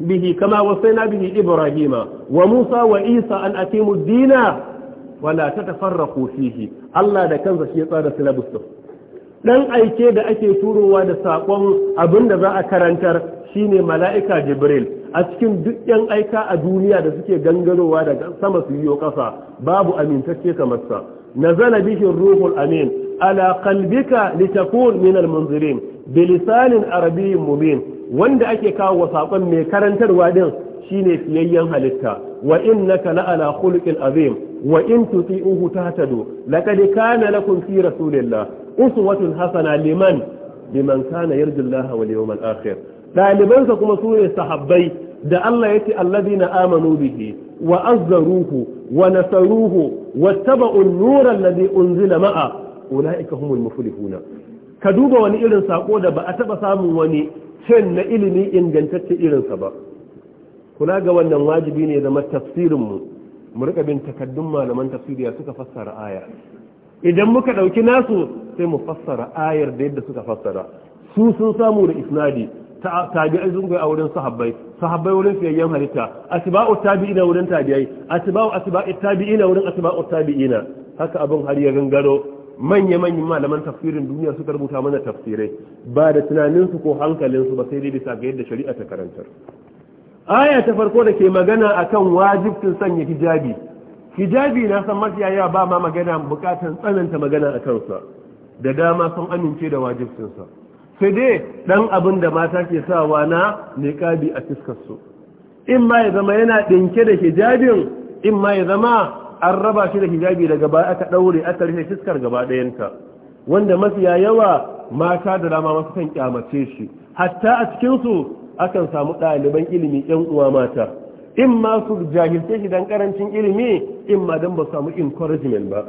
bihi kama wasaina bihi ibrahima wa musa wa isa an mu dina wala tatafarraqu fihi Allah da kansa dan aike da ake turowa da saƙon abin da za a karantar shine mala'ika jibril a cikin duk yan aika a duniya da suke gangarowa daga sama su yiwo ƙasa, babu amintacce kamar sa zana bishin ruhul amin ala qalbika litakun Munzirin, almunzirin bilisanin arabiyyin mubin wanda ake kawo wa saƙon mai karantarwa din shine fiyayyen halitta wa innaka ala khuluqin azim wa in tuti'uhu tahtadu laqad kana lakum fi rasulillah uswatun hasana liman liman kana yarju Allah wa yawmal akhir Ɗalibansa kuma sune sahabbai da Allah allazi na amanu bihi wa azzaruhu wa nasaruhu wattaba'u an-nura alladhi unzila ma'a ulaika humul muflihuna ka duba wani irin sako da ba a taba samun wani cikakken na ilimi ingantacce irinsa ba kula ga wannan wajibi ne zama tafsirinmu mu rika bin takaddun malaman tafsiriya suka fassara aya idan muka ɗauki nasu sai mu fassara ayar da yadda suka fassara su sun samu da isnadi tabi'ai sun a wurin sahabbai sahabbai wurin fiyayyen halitta atba'u tabi'ina wurin tabi'ai asibawar atba'i tabi'ina wurin atba'u tabi'ina haka abin har ya gangaro manya-manyan malaman tafsirin duniya suka rubuta mana tafsirai ba da tunaninsu ko hankalinsu ba sai dai bisa ga yadda shari'a ta karantar aya ta farko da ke magana akan wajibcin sanya hijabi hijabi na san mafiya ya ba ma magana bukatan tsananta magana a kansa da dama sun amince da wajibcinsa sai dai dan abin da mata ke sawa na niqabi a su. in ma ya zama yana dinke da hijabin in ma ya zama an raba shi da hijabi daga baya aka daure aka rufe fiskar gaba ɗayanta wanda mafiya yawa mata da dama masu kan kyamace shi hatta a cikin su akan samu ɗaliban ilimi ƴan uwa mata in ma su jahilce shi dan karancin ilimi in ma dan ba samu encouragement ba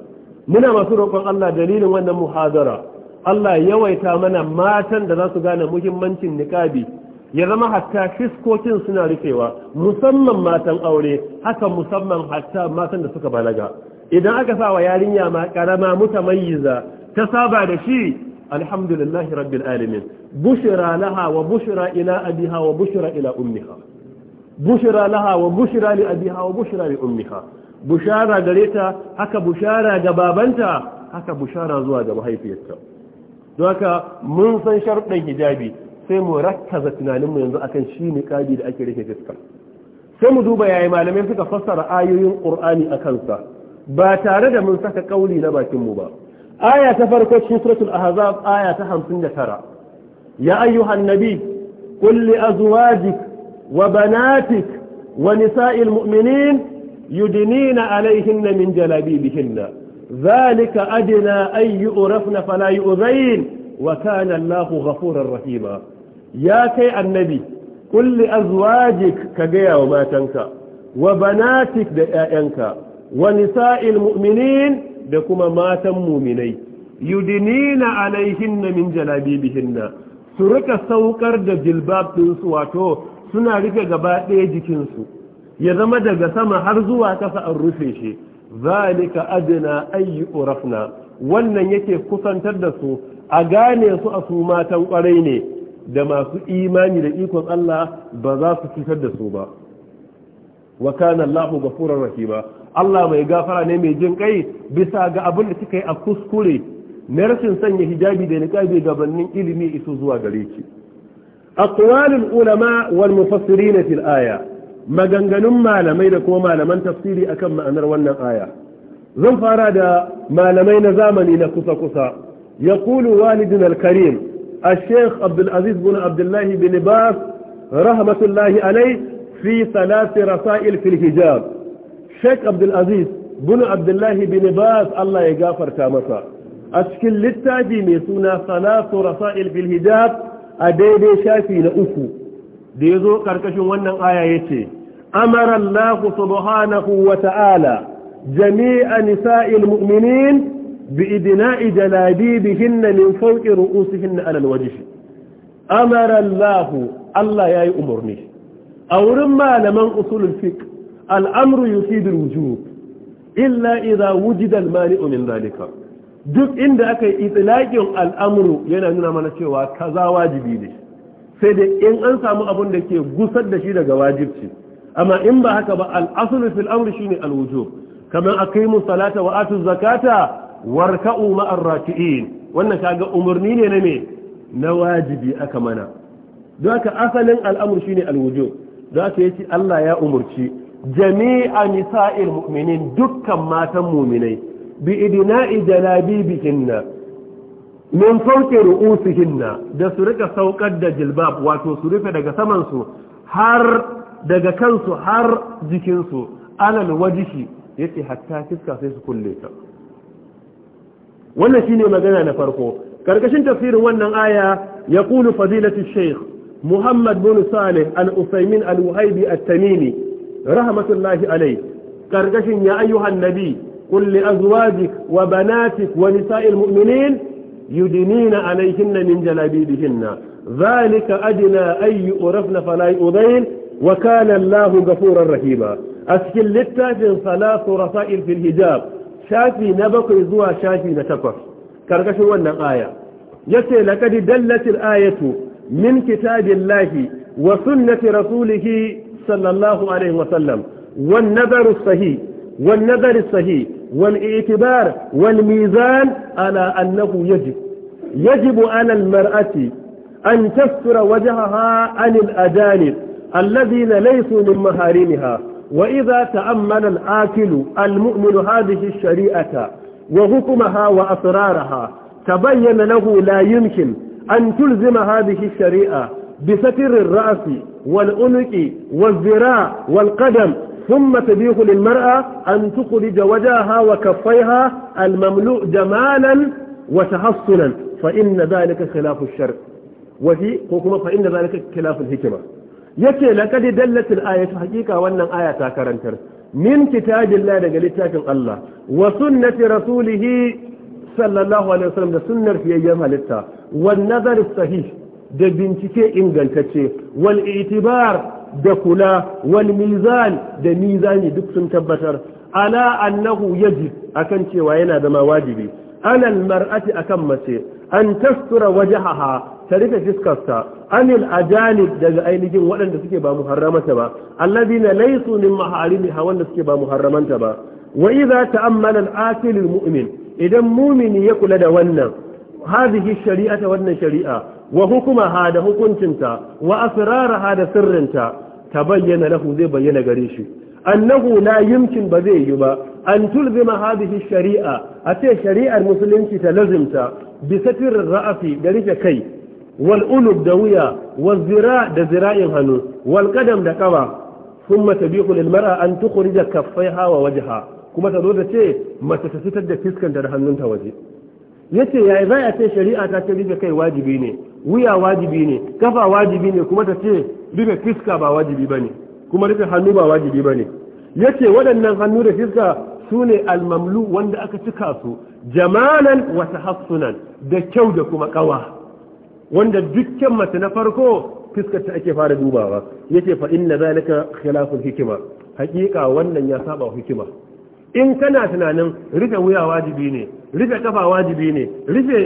muna masu roƙon Allah dalilin wannan muhadara Allah yawaita mana matan da za su gane muhimmancin niqabi ya zama hatta fiskokin suna rufewa musamman matan aure haka musamman hatta matan da suka balaga idan aka sa wa yarinya ma karama mutamayyiza ta saba da shi alhamdulillahi rabbil alamin bushra laha wa bushra ila abiha wa bushra ila ummiha bushra laha wa bushra li abiha wa bushra li ummiha bushara gare ta haka bushara ga babanta haka bushara zuwa ga mahaifiyarta don haka mun san sharɗin hijabi sai mu rattaza tunaninmu yanzu akan shi niqabi da ake rufe fuska sai mu duba yayi malamai suka fassara ayoyin qur'ani akan sa ba tare da mun saka kauli na bakin mu ba aya ta farko cikin suratul ahzab aya ta 59 ya ayyuhan nabi qul li azwajik wa banatik wa nisa'il mu'minin yudnina alayhinna min jalabibihinna zalika adna ay yu'rafna fala yu'zain وكان الله غفورا رحيما ya kai annabi kulli azwajik ka gaya wa matanka wa banatik da 'ya'yanka wa nisa'il mu'minin da kuma matan muminai yudinina alaihinna min jalabibihinna su rika saukar da jilbab ɗinsu wato suna rike gaba ɗaya jikin su ya zama daga sama har zuwa kasa an rufe shi zalika adna adana urafna wannan yake kusantar da su a gane su a su matan ƙwarai ne da masu imani da ikon Allah ba za su cutar da su ba wa kana Allahu ghafurur ba. Allah mai gafara ne mai jin kai bisa ga abin da kika yi a kuskure na rashin sanya hijabi da niqabi gabanin ilimi isu zuwa gare ki aqwalul ulama wal mufassirin fil aya maganganun malamai da kuma malaman tafsiri akan ma'anar wannan aya zan fara da malamai na zamani na kusa kusa yaqulu walidun al-karim الشيخ عبد العزيز بن عبد الله بن باز رحمة الله عليه في ثلاث رسائل في الحجاب شيخ عبد العزيز بن عبد الله بن باز الله يغفر تامسا أشكل للتاجي ميسونا ثلاث رسائل في الحجاب أديدي شافي لأفو ديزو كركش ونن آية يتي أمر الله سبحانه وتعالى جميع نساء المؤمنين بإدناء جلابيبهن من فوق رؤوسهن على الوجه أمر الله الله يا أمرني أو رما لمن أصول الفقه الأمر يفيد الوجوب إلا إذا وجد المانع من ذلك duk inda aka yi itilaƙin al'amuru yana nuna mana cewa kaza wajibi ne sai da in an samu abin da ke gusar da shi daga wajibci amma in ba haka ba al'asulu fil amri shine alwujub kamar aqimu salata wa atu zakata warka'u ma'ar raki'in wannan kaga umarni ne na me na wajibi aka mana don haka asalin al'amur shine alwujub don haka yace Allah ya umurci jami'a nisa'il mu'minin dukkan matan mu'minai bi idna'i jalabibihinna min fawqi ru'usihinna da su rika saukar da jilbab wato su rufe daga saman su har daga kansu har jikinsu alal wajishi yace hatta fiska sai su kulle ta wannan shine magana na farko karkashin tafsirin wannan aya yaqulu fadilatu shaykh muhammad bin salih al-usaymin al wuhaibi at-tamimi rahmatullahi alai karkashin ya ayyuhan nabi qul li azwajik wa banatik wa nisa'il mu'minin yudinina alayhinna min jalabibihinna dhalika adna ay urafna fala yudayn wa kanallahu allahu ghafurar rahima askin littafin salatu rasail fil hijab shafi na bakwai zuwa shafi na takwas ƙarƙashin wannan aya yace laqad dallatil ayatu min kitabillahi wa sunnati rasulihi sallallahu alaihi wa sallam wan nadaru sahi wan nadaru sahi wal i'tibar wal mizan ala annahu yajib yajib يجب على المرأة أن تستر وجهها عن adanib الذين ليسوا min maharimha وإذا تأمل الآكل المؤمن هذه الشريعة وهكمها وأسرارها تبين له لا يمكن أن تلزم هذه الشريعة بستر الرأس والأنك والذراع والقدم ثم تبيح للمرأة أن تخرج وجهها وكفيها المملوء جمالا وتحصنا فإن ذلك خلاف الشرع وفي حكومة فإن ذلك خلاف الحكمة yace laqad dallatil ayatu haqiqa wannan aya ta karantar min kitabillah daga littafin Allah wa sunnati rasulih sallallahu alaihi wasallam da sunnar fiyayyen halitta wan nazar sahih da bincike ingantacce wal itibar da kula wal mizan da mizani duk sun tabbatar ala annahu yajib akan cewa yana zama wajibi alal mar'ati akan mace an tastura wajhaha ta rufe fiskarta anil ajanib daga ainihin waɗanda suke ba muharramanta ba na laisu min hawan wanda suke ba muharramanta ba wa idza ta'ammala al-akil mumin idan mumini ya kula da wannan hadhihi shari'ata wannan shari'a wa hukumaha da hukuncinta wa asraraha da sirrinta tabayyana lahu zai bayyana gare shi annahu la yumkin ba zai yi ba an tulzima hadhihi shari'a a ce shari'ar musulunci ta lazimta bi satir ra'afi da rufe kai wal ulub da wuya wal zira da zira'in hannu wal qadam da kawa mata biyu lil mar'a an tukhrija kaffaiha wa wajha kuma ta zo da ce mace ta fitar da fiskanta da hannunta waje yace ya za a ce shari'a ta ce rufe kai wajibi ne wuya wajibi ne kafa wajibi ne kuma ta ce rufe fiska ba wajibi ne kuma rufe hannu ba wajibi bane yace waɗannan hannu da fiska su ne almamlu wanda aka cika su jamalan wata hassunan da kyau da kuma ƙawa wanda dukkan mace na farko fiskarta ta ake fara dubawa yace fa inna zalika khilaful hikima hakika wannan ya saba hikima in kana tunanin rufe wuya wajibi ne rufe kafa wajibi ne rufe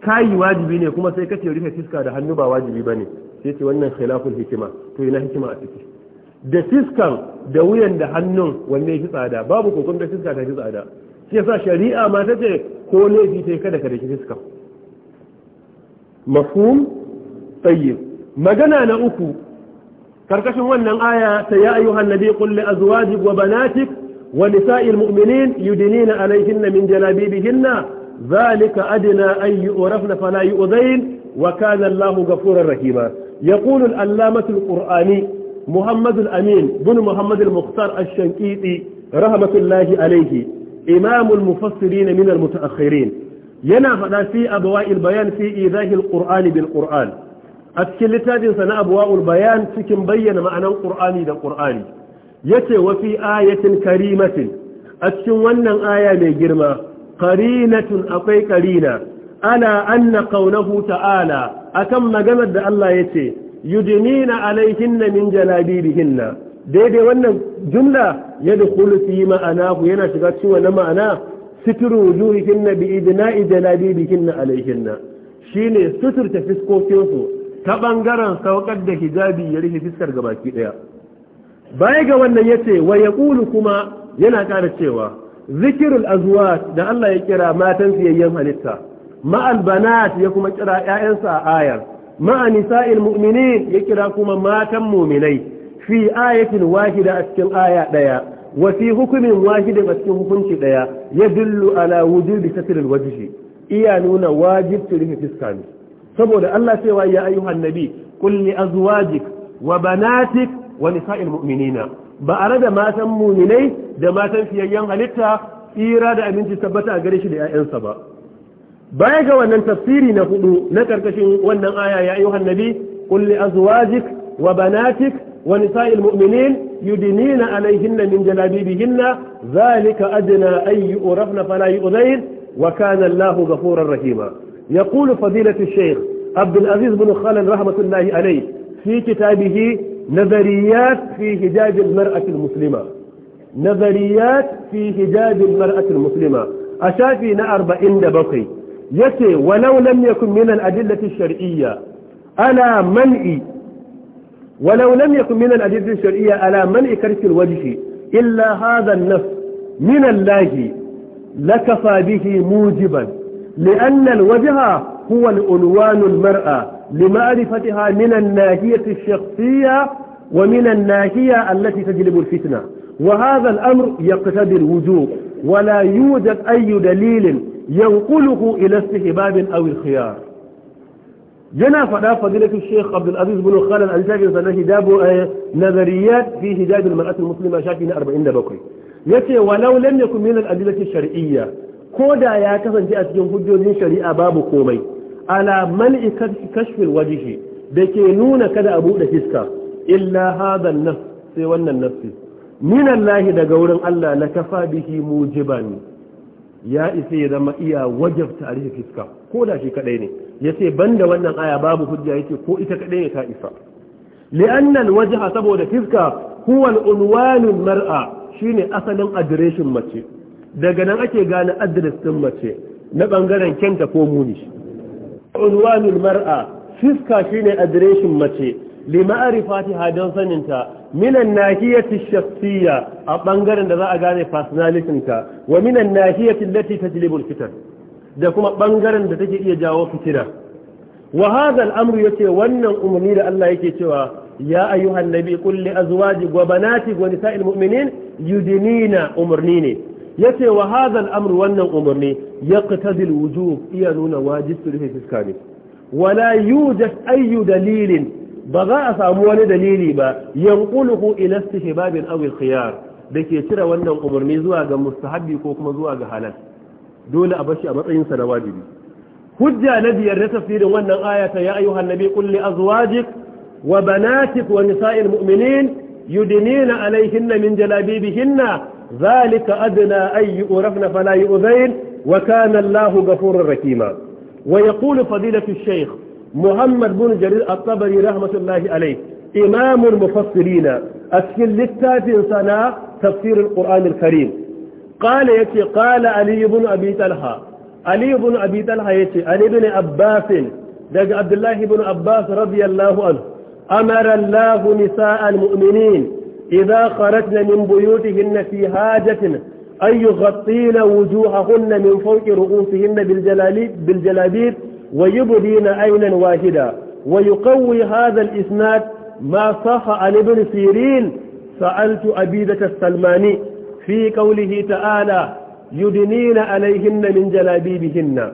kayi wajibi ne kuma sai kace rufe fiska da hannu ba wajibi bane sai ce wannan khilaful hikima to ina hikima a ciki da fiskan da wuyan da hannun wanne fi tsada babu kokon da fiska ta fi tsada sai yasa shari'a ma ta ce ko laifi sai kada ka da fiskan مفهوم طيب ما جنا نأكو كركشن وانا آية يا أيها النبي قل لأزواجك وبناتك ونساء المؤمنين يدنين عليهن من جلابيبهن ذلك أدنى أن يؤرفن فلا يؤذين وكان الله غفورا رحيما يقول الألامة القرآني محمد الأمين بن محمد المختار الشنكيطي رحمة الله عليه إمام المفسرين من المتأخرين yana faɗa fi abawa'il bayan fi izahil qur'ani bil qur'an a cikin littafin na abawa'ul bayan cikin bayyana ma'anan qur'ani da qur'ani yace wa fi ayatin karimatin a cikin wannan aya mai girma qarinatun akwai qarina ala anna qawluhu ta'ala akan maganar da Allah yace yudnina alaihinna min jalabibihinna daidai wannan jumla ya dukulu fi ma'ana yana shiga cikin wannan ma'ana suturu na bi idna'i jalabibihinna shi ne suturta fiskokinsu ta ɓangaren saukar da hijabi ya rufe fiskar ga baki daya baya ga wannan yace wa yaqulu kuma yana ƙara cewa zikirul azuwa da Allah ya kira matan siyayyen halitta ma'al banat ya kuma kira ƴaƴansa a ayar ma'a nisa'il mu'minin ya kira kuma matan mu'minai fi ayatin wahida a cikin aya ɗaya. Wasi hukumin wahidin a cikin hukunci ɗaya ya dillu ala wujubi satril wajhi iya nuna wajibci rufe fiska ne saboda Allah cewa ya ayyuhan nabi qul li azwajik wa banatik wa nisa'il mu'minina ba a da matan muminai da matan fiyayyen halitta tsira da abinci tabbata a gare shi da 'ya'yansa ba baya ga wannan tafsiri na hudu na karkashin wannan aya ya ayyuhan kulli azuwajik li wa banatik ونساء المؤمنين يدنين عليهن من جلابيبهن ذلك أدنى أن يؤرفن فلا يؤذين وكان الله غفورا رحيما يقول فضيلة الشيخ عبد العزيز بن خالد رحمة الله عليه في كتابه نظريات في حجاب المرأة المسلمة نظريات في حجاب المرأة المسلمة أشافي نأربعين دبقي يتي ولو لم يكن من الأدلة الشرعية على منئ ولو لم يكن من الأدلة الشرعية على منع كرس الوجه إلا هذا النص من الله لكفى به موجبا لأن الوجه هو الألوان المرأة لمعرفتها من الناهية الشخصية ومن الناهية التي تجلب الفتنة وهذا الأمر يقتضي الوجوب ولا يوجد أي دليل ينقله إلى استحباب أو الخيار yana faɗa fadilatu Sheikh Abdul Aziz bin Khalid an shafi sa na hijabu nazariyat fi hijab al-mar'at al-muslima shafi na 47 yace walau lam yakun min al-adillati shar'iyya ko da ya kasance a cikin hujjojin shari'a babu komai ala mal'i kashfi wajhi da ke nuna kada a buɗe fiska illa hadha an-nafs sai wannan nafsi min lahi daga wurin Allah la kafa bihi mujiban ya isa ya zama iya wajabta tarihi fiska ko da shi kadai ne ya ce ban da wannan aya babu hujja yake ko ita kadai ne ta isa li'annan wajaha saboda fiska huwa al'unwanul mar'a shine asalin adireshin mace daga nan ake gane adres din mace na bangaren kenta ko muni unwanul mar'a fiska shine adireshin mace li ma'rifatiha don saninta minan nahiyati shakhsiyya a bangaren da za a gane personality ka wa minan nahiyati allati tajlibul fitan da kuma bangaren da take iya jawo fitina wa hadha al-amru yace wannan umarni da Allah yake cewa ya ayyuhan nabi qul li azwajik wa banatik wa nisa'il mu'minin yudinina umarni ne yace wa hadha al wannan umarni yaqtadi al-wujub iya nuna wajib rufe fiska ne wala yujad ayyu dalilin ba za a samu wani dalili ba yanquluhu ila istihbabin aw al-khiyar dake cire wannan umarni zuwa ga mustahabi ko kuma zuwa ga halal dole a bashi a matsayin sa na wajibi hujja na biyar da tafsirin wannan ayata ya ayyuhan nabi qul li azwajik wa banatik wa nisa'il mu'minin yudnina alayhinna min jalabibihinna dhalika adna ay yu'rafna fala yu'zain wa kana Allahu ghafurur rahima wa yaqulu fadilatu ash-shaykh محمد بن جرير الطبري رحمة الله عليه إمام المفسرين أسكن للتافين سنة تفسير القرآن الكريم قال يتي قال علي بن أبي تلها علي بن أبي تلها يتي علي بن أباس دج عبد الله بن أباس رضي الله عنه أمر الله نساء المؤمنين إذا خرجن من بيوتهن في حاجة أن يغطين وجوههن من فوق رؤوسهن بالجلابيب ويبدين عينا واحدا ويقوي هذا الإسناد ما صح عن ابن سيرين سألت أبيدة السلماني في قوله تعالى يدنين عليهن من جلابيبهن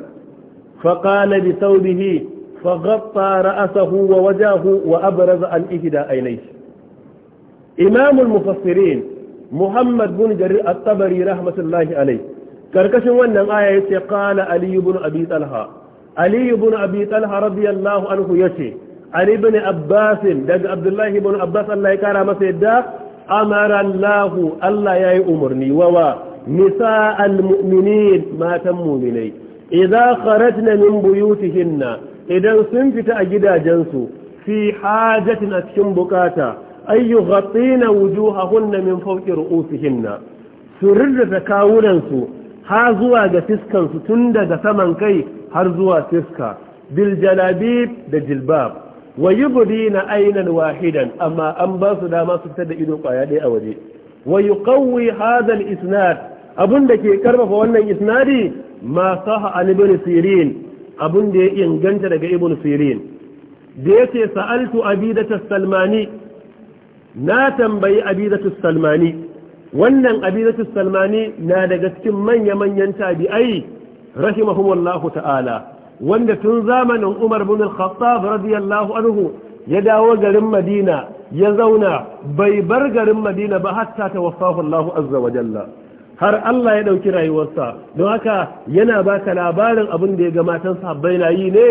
فقال بثوبه فغطى رأسه ووجهه وأبرز عن إهدى عينيه إمام المفسرين محمد بن جرير الطبري رحمة الله عليه كركش ونن آية قال علي بن أبي طلحه ali ibn abi talha radiyallahu anhu yace an ibn Abbasin daga abdullahi ibn abbas Allah kara masa yadda amara Allah Allah yayi umarni wawa nisa almu'minin matan mu'minai idza kharajna min hinna. idan sun fita a gidajensu fi hajatin a cikin buƙata. bukata ayyu ghatina wujuhahunna min fawqi ru'usihinna su rirda kawunansu ha zuwa ga fiskansu tun daga saman kai har zuwa fiska bil jalabib da jilbab wa na aynan wahidan amma an ba su dama su fitar da ido kwaya ɗaya a waje wa yuqawwi hadha al isnad abinda ke karfafa wannan isnadi ma saha an ibn sirin abinda ya inganta daga ibn sirin da yace sa'altu abidatu salmani na tambayi abidatu salmani wannan abizatu salmani na daga cikin manya-manyan tabi'ai rahimahumullahu ta'ala wanda tun zamanin umar bin al-khattab radiyallahu anhu ya dawo garin madina ya zauna bai bar garin madina ba hatta ta Allahu azza wa jalla har Allah ya ɗauki rayuwarsa don haka yana baka labarin abin da ya ga matan sahabbai na yi ne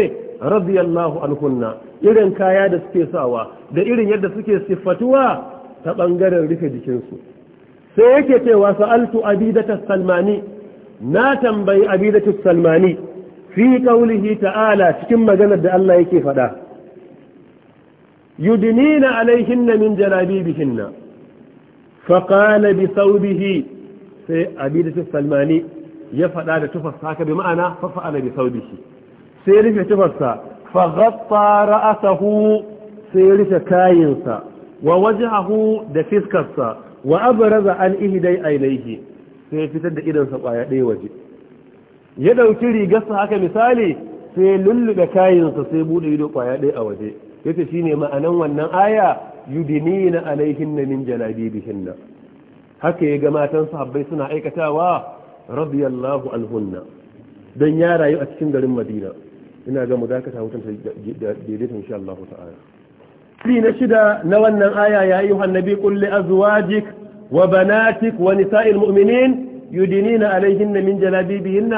radiyallahu anhunna irin kaya da suke sawa da irin yadda suke siffatuwa ta bangaren rufe jikinsu sai yake cewa sa'altu abidata salmani na tambayi abidata salmani fi qaulihi ta'ala cikin maganar da Allah yake faɗa yudnina alaihinna min jalabibihinna faqala bi thawbihi sai abidata salmani ya faɗa da tufarsa haka bi ma'ana fa fa'ala bi thawbihi sai rufe tufarsa fa ghatta ra'sahu sai rufe kayinsa wa wajhahu da fiskarsa wa abraza an ihdai ainihi sai ya fitar da sa kwaya ɗaya waje ya ɗauki rigarsa haka misali sai kayan kayansa sai bude ido kwaya ɗaya a waje yace shine ma'anan wannan aya yudinina alaihin min jalabibihinna haka ya ga matan sahabbai suna aikatawa radiyallahu anhunna dan ya rayu a cikin garin Madina ina ga mu dakata hutun daidaita insha Allah ta'ala في نشدة نوانا آية يا أيها النبي قل لأزواجك وبناتك ونساء المؤمنين يدينين عليهن من جلابيبهن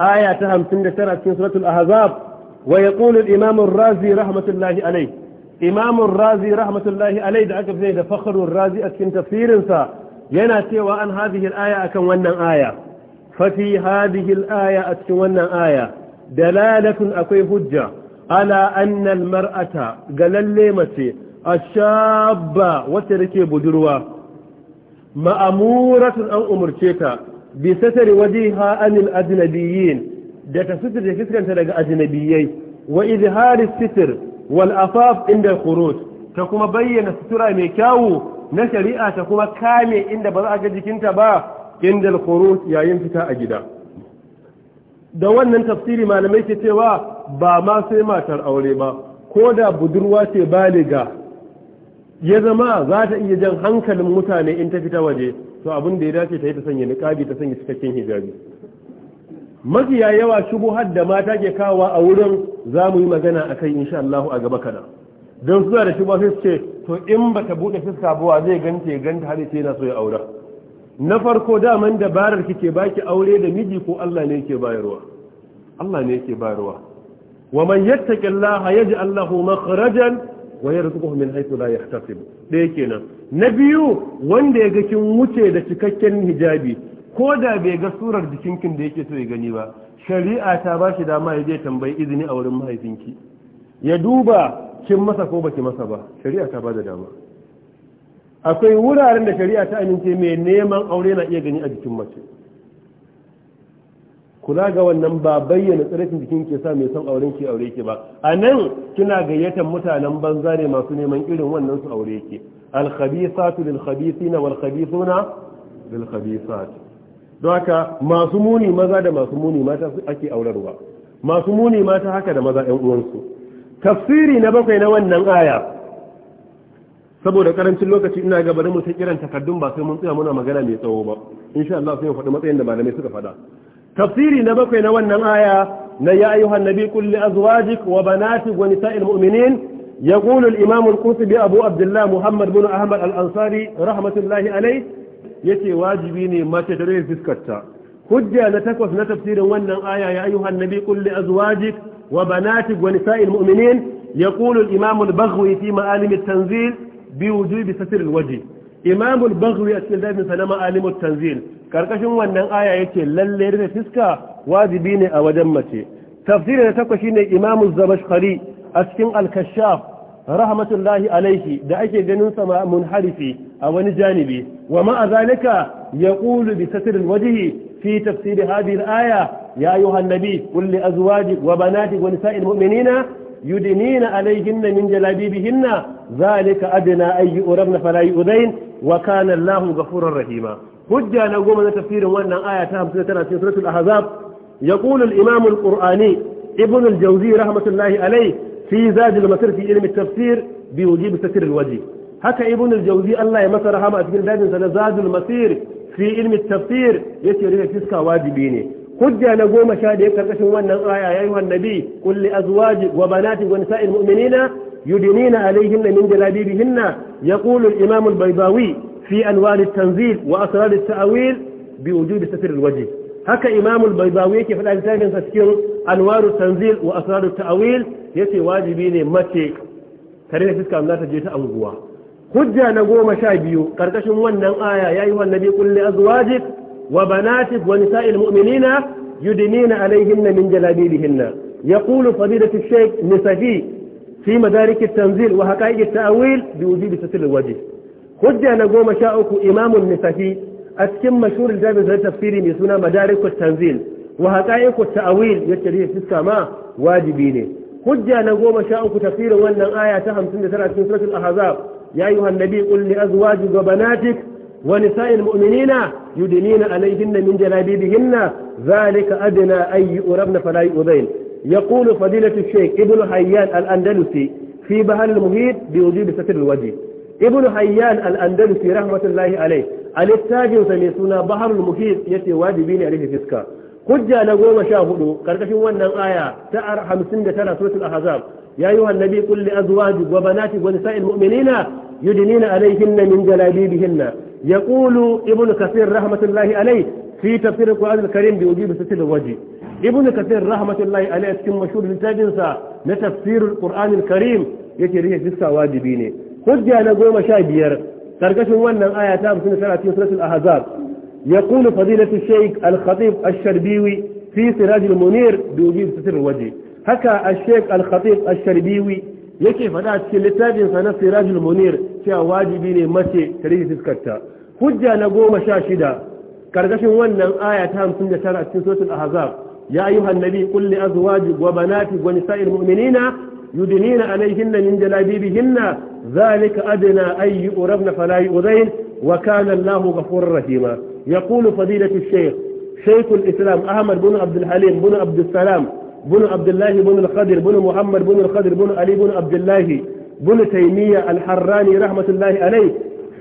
آية تهم سنة سنة سنة سورة الأهزاب ويقول الإمام الرازي رحمة الله عليه إمام الرازي رحمة الله عليه دعك بزيد فخر الرازي أكين تفسيرنسا يناتي وأن هذه الآية أكن ونن آية ففي هذه الآية أكن ونن آية دلالة أكوي هجة ala annal mar'ata ga lalle mace ashabba wacce take budurwa ma'amuratun an umurce ta bi satari wajiha anil ajnabiyyin da ta sutur fiskanta daga ajnabiyai wa izharis sitr wal afaf inda khuruj ta kuma bayyana sutura mai kyawu na shari'a ta kuma kame inda ba za a ga jikinta ba inda khuruj yayin fita a gida da wannan tafsiri malamai ke cewa ba ma sai matar aure ba ko da budurwa ce baliga ya zama za ta iya jan hankalin mutane in ta fita waje to abin da ya dace ta yi ta sanya niqabi ta sanya cikakken hijabi mafiya yawa har da mata ke kawa a wurin za mu yi magana a kai insha Allah a gaba kana don suna da shubu sai ce to in ba ta buɗe fuska ba zai ganta ya ganta har sai na so ya aura na farko daman dabarar kike baki aure da miji ko Allah ne yake bayarwa Allah ne yake bayarwa wa man yattaqillaha yaj'al lahu makhrajan wa yarzuquhu min haythu la yahtasib da kenan na biyu wanda ya ga kin wuce da cikakken hijabi ko da bai ga surar jikinkin da yake so ya gani ba shari'a ta ba shi dama ya je tambayi izini a wurin mahaifinki ya duba kin masa ko baki masa ba shari'a ta ba da dama akwai wuraren da shari'a ta amince mai neman aure na iya gani a jikin mace kula ga wannan ba bayyana tsarafin jikin ke sa mai son auren ke aure ke ba a nan kina gayyatar mutanen banza ne masu neman irin wannan su aure ke alkhabisatu lil khabisina wal khabisuna lil khabisat don haka masu muni maza da masu muni mata ake aurarwa masu muni mata haka da maza ƴan uwansu tafsiri na bakwai na wannan aya saboda karancin lokaci ina ga bari mu ta kiran takaddun ba sai mun tsaya muna magana mai tsawo ba insha Allah sai mu faɗi matsayin da malamai suka faɗa tafsiri na bakwai na wannan aya na ya ayyuhan nabi qul li azwajik wa banatik wa nisa'il mu'minin يقول الإمام القرطبي أبو عبد الله محمد بن أحمد الأنصاري رحمة الله عليه wajibi ne mace da في سكتا hujja na takwas na tafsirin wannan aya ya ayyuhan nabi qul li azwajik wa banatik wa nisa'il mu'minin yaqulu al-imam al-baghwi fi ma'alim at-tanzil bi wujubi satr alwaji Imamul al a cikin zabin sa na ma'alim tanzil karkashin wannan aya yake lalle rufe fiska wajibi ne a wajen mace tafsirin da takwa shine Imamul az a cikin al rahmatullahi alaihi da ake ganin sa munharifi a wani janibi wa ma'a zalika yaqulu bi satr alwajhi fi tafsir hadhihi al-aya ya ayuha an qul li azwajik wa banatik wa nisa'il mu'minina yudinina alaihinna min jalabibihinna zalika adna ay yu'rabna fala yu'dain wa kana Allahu ghafurur rahima hujja na goma na tafsirin wannan aya ta 59 cikin suratul ahzab يقول الإمام القرآني ابن الجوزي رحمة الله عليه في زاد المسير في علم التفسير بوجيب ستر الوجه هكا ابن الجوزي الله يمسى رحمة في زاد المسير في علم التفسير يتي رفع فسكا واجبيني hujja na goma sha daya karkashin wannan aya yayi wa nabi qul li azwaji wa banati wa nisa'il mu'minina yudinina alayhinna min jalabibihinna yaqulu al-imam al-baydawi fi anwar at-tanzil wa asrar at-ta'wil bi wujub satr al-wajh haka imam al-baydawi yake fada littafin sa cikin anwar at-tanzil wa asrar at-ta'wil yace wajibi ne mace tare da fiska za ta je ta anguwa hujja na goma sha biyu karkashin wannan aya yayi wa nabi qul li azwajik وبناتك ونساء المؤمنين يدنين عليهن من جلابيبهن يقول فضيلة الشيخ نسفي في مدارك التنزيل وحقائق التأويل بوجوب ستر الوجه أن نقوم شاؤك إمام النسفي أتكم مشهور الجابة زي تفسيري سنة مدارك التنزيل وحقائق التأويل يتليه في ما واجبيني أن نقوم شاؤك تفسير وأن آية ثلاثة في سورة الأحزاب يا أيها النبي قل لأزواجك وبناتك ونساء المؤمنين يدنين عليهن من جلابيبهن ذلك أدنى أن يؤربن فلا يؤذين يقول فضيلة الشيخ ابن حيان الأندلسي في بهل المهيد بوجوب ستر الوجه ابن حيان الأندلسي رحمة الله عليه الاتاجن سميسونا بحر المهيد يتي واجبين عليه فسكا hujja na goma sha hudu karkashin wannan aya ta hamsin da tara suratul ahzab ya yi wa nabi kulli azwaji wa banati wa nisa'il mu'minina يدنين عليهن من جلابيبهن يقول ابن كثير رحمة الله عليه في تفسير القرآن الكريم بوجوب ستر الوجه ابن كثير رحمة الله عليه اسم مشهور littafinsa na tafsirul Qur'anil Karim yake rike fiska wajibi ne hujja na goma sha biyar karkashin سنة aya ta 59 cikin يقول فضيلة الشيخ الخطيب الشربيوي في سراج المنير بوجوب ستر الوجه هكا الشيخ الخطيب الشربيوي yake faɗa a cikin littafin sa na sirajul munir cewa wajibi ne mace ta rike fuskarta hujja na goma sha shida karkashin wannan aya ta hamsin da tara a cikin suratul ahzab ya ayyuha annabi qul li azwajik wa banati wa nisa'il mu'minina yudnina alayhinna min jalabibihinna dhalika adna ay yurabna fala yu'dain wa kana allahu ghafurur rahima yaqulu fadilatu shaykh shaykh al-islam ahmad bin abdul halim bin abdul salam bunu abdullahi bunu al-qadir bunu muhammad bunu al-qadir bunu ali bunu abdullahi bunu taymiya al-harrani rahmatullahi alayhi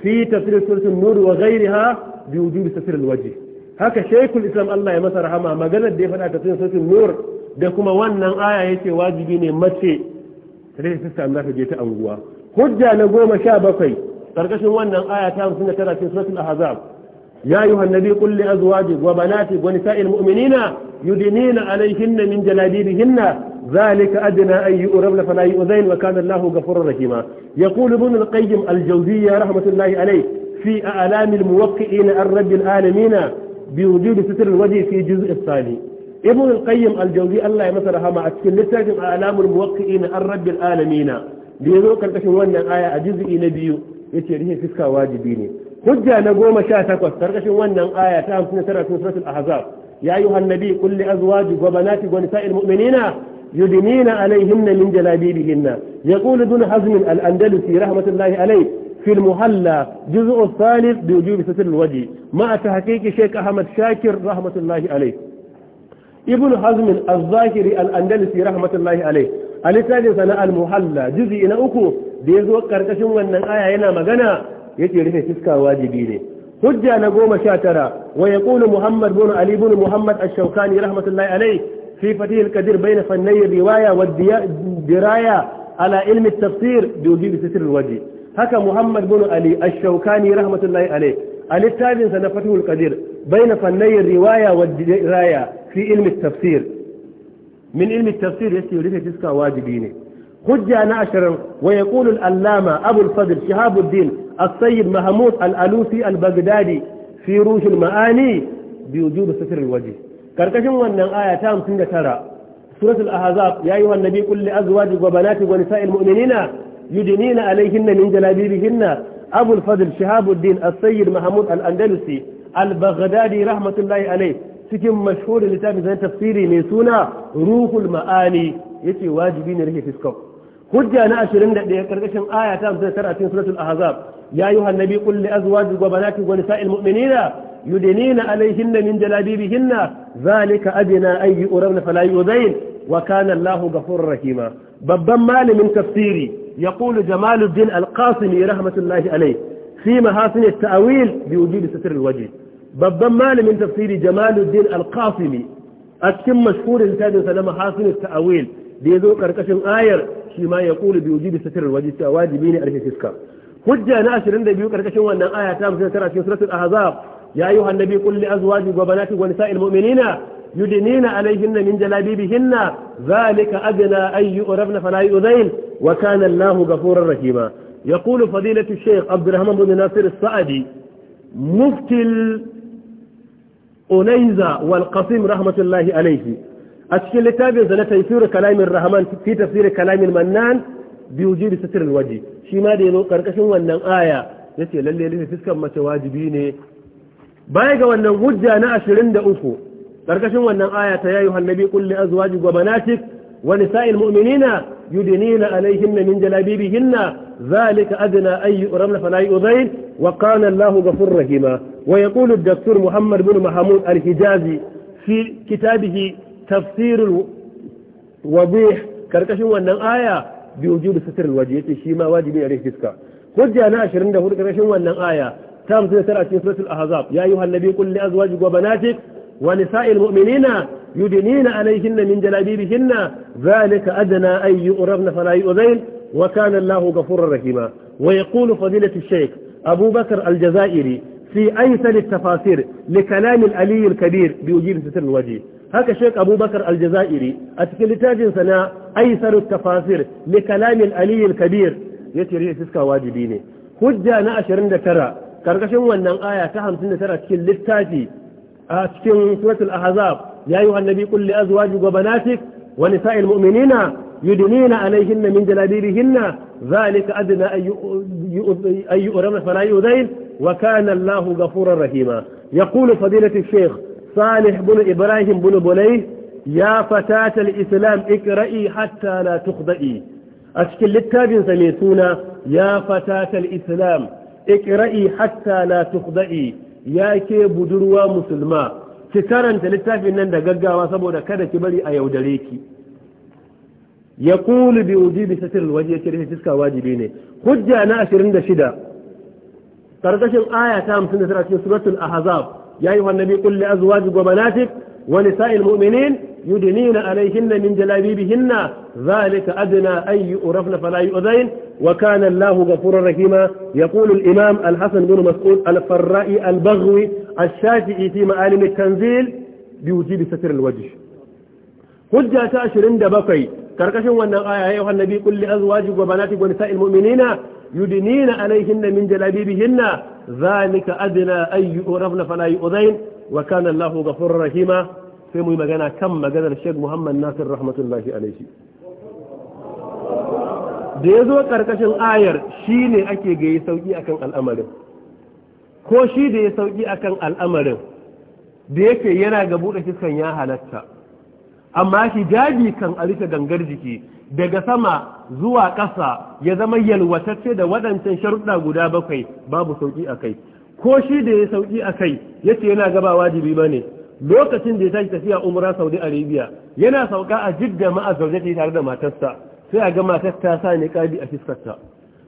fi tafsir surah an-nur wa ghayriha bi wujubi tafsir al-wajh haka shaykhul islam allah ya masa rahama magana da ya fada tafsir surah an-nur da kuma wannan aya yace wajibi ne mace sai sai sai Allah ta anguwa hujja na goma sha bakwai karkashin wannan aya ta 59 cikin surah al-ahzab يا أيها النبي قل لأزواجك وبناتك ونساء المؤمنين يدنين عليهن من جلابيبهن ذلك أدنى أن يؤربن فلا يؤذين وكان الله غفورا رحيما يقول ابن القيم الجوزية رحمة الله عليه في أعلام الموقئين عن رب العالمين بوجود ستر الوجه في جزء الثاني ابن القيم الجوزي الله يمسر هما أتكل لساكم أعلام الموقئين عن رب العالمين ليذوق الكشف وانا آية جزء نبي يتشيريه فسكا واجبيني hujja na goma sha takwas karkashin wannan aya ta hamsin tara sun suratul ahzab ya yi ayuha annabi qul li azwaji wa banati wa nisa'il mu'minina yudnina alayhinna min jalabibihinna yaqul dun hazm al andalusi rahmatullahi alayh fi al muhalla juz'u thalith bi wujub satr al ma tahqiqi shaykh ahmad shakir rahmatullahi alayh ibn hazm al zahiri al rahmatullahi alayh alisani sana al muhalla jizi na uku da yazo karkashin wannan aya yana magana yace rufe fuska wajibi ne hujja na goma sha tara wa yaqulu muhammad bin ali bin muhammad ash-shawkani rahmatullahi alayhi fi fatih al-qadir bayna fannay riwaya wa diraya ala ilmi at-tafsir bi wujub sitr al-wajh haka muhammad bin ali ash-shawkani rahmatullahi alayhi al-tabin sana fatih al-qadir bayna fannay riwaya wa diraya fi ilmi at-tafsir min ilmi at-tafsir yace rufe fuska wajibi ne hujja na ashirin wa ya ƙulul allama abul fadil shahabuddin as-sayyid mahmud al-alusi al-baghdadi fi ruhul ma'ani bi wujub sitr al-wajh karkashin wannan aya ta 59 suratul ahzab ya yi nabi qul li azwajik wa banatik wa nisa'il mu'minina yudinina alayhinna hinna jalabibihinna abul hinna shahabuddin as-sayyid mahmud al-andalusi al rahmatullahi alayh cikin mashhurin littafin tafsiri mai suna ruhul ma'ani yace wajibi ne rike fiskar hujja na ashirin ɗaya karkashin aya ta 59 a cikin suratul ahzab ya yi hannabi qul li azwajik wa banatik wa nisa'il mu'minina yudnina alayhinna min jalabibihinna zalika adna ay yu'rabna fala yudayn wa kana Allahu ghafurur rahima babban malamin tafsiri yaqulu jamaluddin al-qasimi rahmatullahi alayh fi mahasin at-ta'wil bi wujudi satr al babban malamin tafsiri jamaluddin al-qasimi a cikin mashhurin tadin na mahasin at-ta'wil da yazo karkashin ayar ما يقول بوجوب ستر الواجب واجبين ارهي سكا حجة ناشر عند بيوكر كشوا أن آية تام سنترى في سورة الأهزاب يا أيها النبي قل لأزواجك وبناتك ونساء المؤمنين يدنين عليهن من جلابيبهن ذلك أدنى أن يؤرفن فلا يؤذين وكان الله غفورا رحيما يقول فضيلة الشيخ عبد الرحمن بن ناصر الصعدي مفتي الأنيزة والقصيم رحمة الله عليه a cikin littafin sa na tafsir kalamin rahman fi tafsirin kalamin mannan bi wujubi satr alwaji shi ma da yazo karkashin wannan aya yace lalle lalle fiskan mace wajibi ne baya ga wannan hujja na 23 karkashin wannan aya ta yayi hannabi qul li azwajik wa banatik wa nisa'il mu'minina yudnina alayhinna min jalabibihinna ذلك أدنى أن يؤرمن فلا يؤذين وقال الله غفور رحيما ويقول muhammad bin بن al-hijazi fi كتابه تفسير الوضيح كركشن وان آية بوجود ستر الوجه شيء ما واجب عليه ذكر خذ انا 24 كركشن وان آية تام ستر سورة الاحزاب يا ايها النبي قل لازواجك وبناتك ونساء المؤمنين يدنين عليهن من جلابيبهن ذلك ادنى ان يؤرغن فلا يؤذين وكان الله غفورا رحيما ويقول فضيلة الشيخ أبو بكر الجزائري في أيسر التفاسير لكلام الألي الكبير بوجيب ستر الوجه haka Sheikh Abubakar Aljazairi a cikin littafinsa na Aisar Tafasir li kalamil Ali al-Kabir yace rike fiska wajibi ne hujja na 29 karkashin wannan aya ta 59 cikin littafi a cikin suratul ahzab ya yi annabi kulli li azwajika wa banatik wa nisa'il mu'minina yudnina alayhinna min jalabibihinna dhalika adna ay yu'ramna fala yudhayn wa kana Allahu ghafurar rahima yaqulu fadilatu shaykh salih bin ibrahim bin bulai ya fatata islam ikra'i hatta la tukhda'i a cikin littafinsa mai suna ya fatata islam ikra'i hatta na tukhda'i ya ke budurwa musulma ki karanta littafin nan da gaggawa saboda kada ki bari a yaudare ki ya kulu bi wujibi satir waje yake da wajibi ne hujja na 26 karkashin ahzab يا أيها النبي قل لأزواجك وبناتك ونساء المؤمنين يدنين عليهن من جلابيبهن ذلك أدنى أن يؤرفن فلا يؤذين وكان الله غفورا رحيما يقول الإمام الحسن بن مسعود الفرائي البغوي الشافعي في معالم التنزيل بوجيب ستر الوجه حجة ta ashirin da وأن karkashin wannan aya ya yohan nabi kulli azwaji wa banati wa nisa'il mu'minina zalika adna ay yu'rafna fala yu'dain wa kana Allahu ghafurur rahima sai mu yi magana kan maganar Sheikh Muhammad Nasir rahmatullahi alaihi da ya zo ƙarƙashin ayar shi ne ake ga sauƙi akan al'amarin ko shi da ya sauƙi akan al'amarin da yake yana ga buɗe fiskan ya halatta amma hijabi kan alita gangar jiki daga sama zuwa ƙasa ya zama yalwatacce da waɗancan sharuɗa guda bakwai babu sauƙi a kai ko shi da ya sauƙi a kai ya ce yana gaba wajibi ba ne lokacin da ya tashi tafiya umra saudi arabia yana sauka a jidda ma'a zaune tare da matarsa sai a ga matar ta sa ƙabi a fiskarta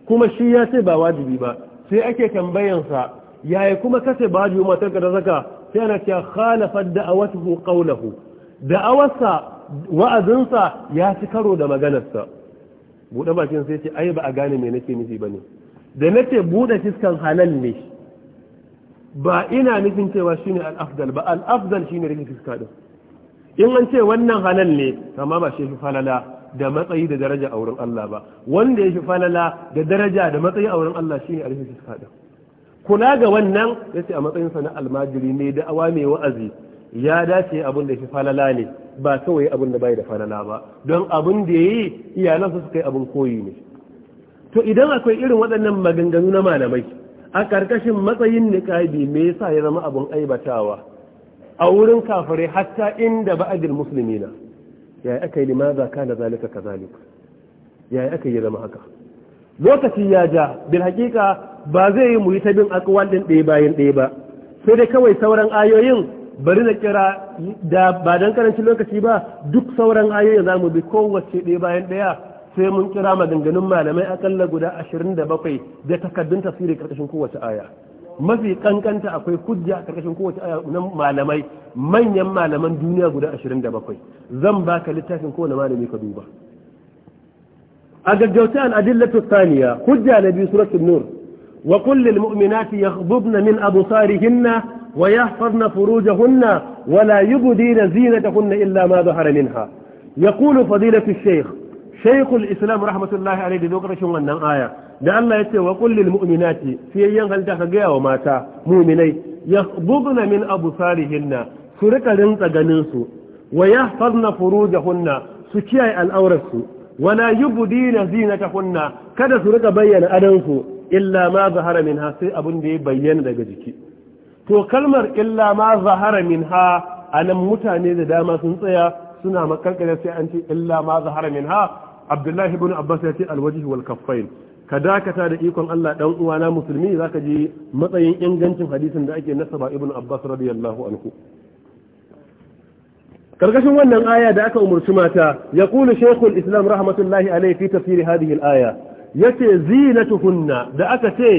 kuma shi ya ce ba wajibi ba sai ake tambayansa yaya kuma kace ba wajibi matar ka da zaka sai ana cewa ƙaunahu, da'awatuhu qawluhu da'awarsa wa'azinsa ya ci karo da maganarsa buɗe bakin sai ce ai ba a gane me nake nufi ne da nake buɗe fiskan halal ne ba ina nufin cewa shine al ba al-afdal shine rike fiska din in an ce wannan halal ne amma ba shi falala da matsayi da daraja a wurin Allah ba wanda ya fi falala da daraja da matsayi a wurin Allah shine a rufe fiska din kula ga wannan yace a matsayin sa na almajiri ne da awa mai wa'azi ya dace abin da shi falala ne ba kawai abin da bai da falala ba don abin da ya yi su suka yi abin koyi ne to idan akwai irin waɗannan maganganu na malamai a ƙarƙashin matsayin niƙabi me yasa ya zama abin aibatawa a wurin kafirai hatta inda ba'adil musulmina ya aka yi limaza kana zalika kazalika ya aka yi zama haka lokaci ya ja bil hakika ba zai yi muyi ta bin akwal ɗin ɗaya bayan ɗaya ba sai dai kawai sauran ayoyin bari na kira da ba don karanci lokaci ba duk sauran ayoyin za mu bi kowace ɗaya bayan ɗaya sai mun kira maganganun malamai akalla guda ashirin da bakwai da takardun tafsiri karkashin kowace aya mafi kankanta akwai hujja a karkashin kowace aya na malamai manyan malaman duniya guda ashirin da bakwai zan baka littafin kowane malami ka duba a gaggauta al'adillatu saniya hujja na biyu suratul nur wa kullil mu'minati yaghdubna min abu absarihinna ويحفظن فروجهن ولا يبدين زينتهن إلا ما ظهر منها يقول فضيلة الشيخ شيخ الإسلام رحمة الله عليه ذكر شو أن آية لأن يتي وقل للمؤمنات في ينهل تخجيا وماتا مؤمني يخبضن من أبصارهن سرك رنطة جننسو ويحفظن فروجهن سكيا الأورس ولا يبدين زينتهن كذا سرك بيّن أدنسو إلا ما ظهر منها سي أبن دي بيّن دجكي to kalmar illa ma zahara min ha a nan mutane da dama sun tsaya suna makarkare sai an ce illa ma zahara min ha abdullahi ibn abbas ya ce alwajihi wal kaffain ka dakata da ikon Allah dan uwana musulmi zaka ji matsayin ingancin hadisin da ake nasaba ibn abbas radiyallahu anhu karkashin wannan aya da aka umarci mata ya kula shekul islam rahmatullahi alaihi fi tafsiri hadhihi al-aya yace zinatuhunna da aka ce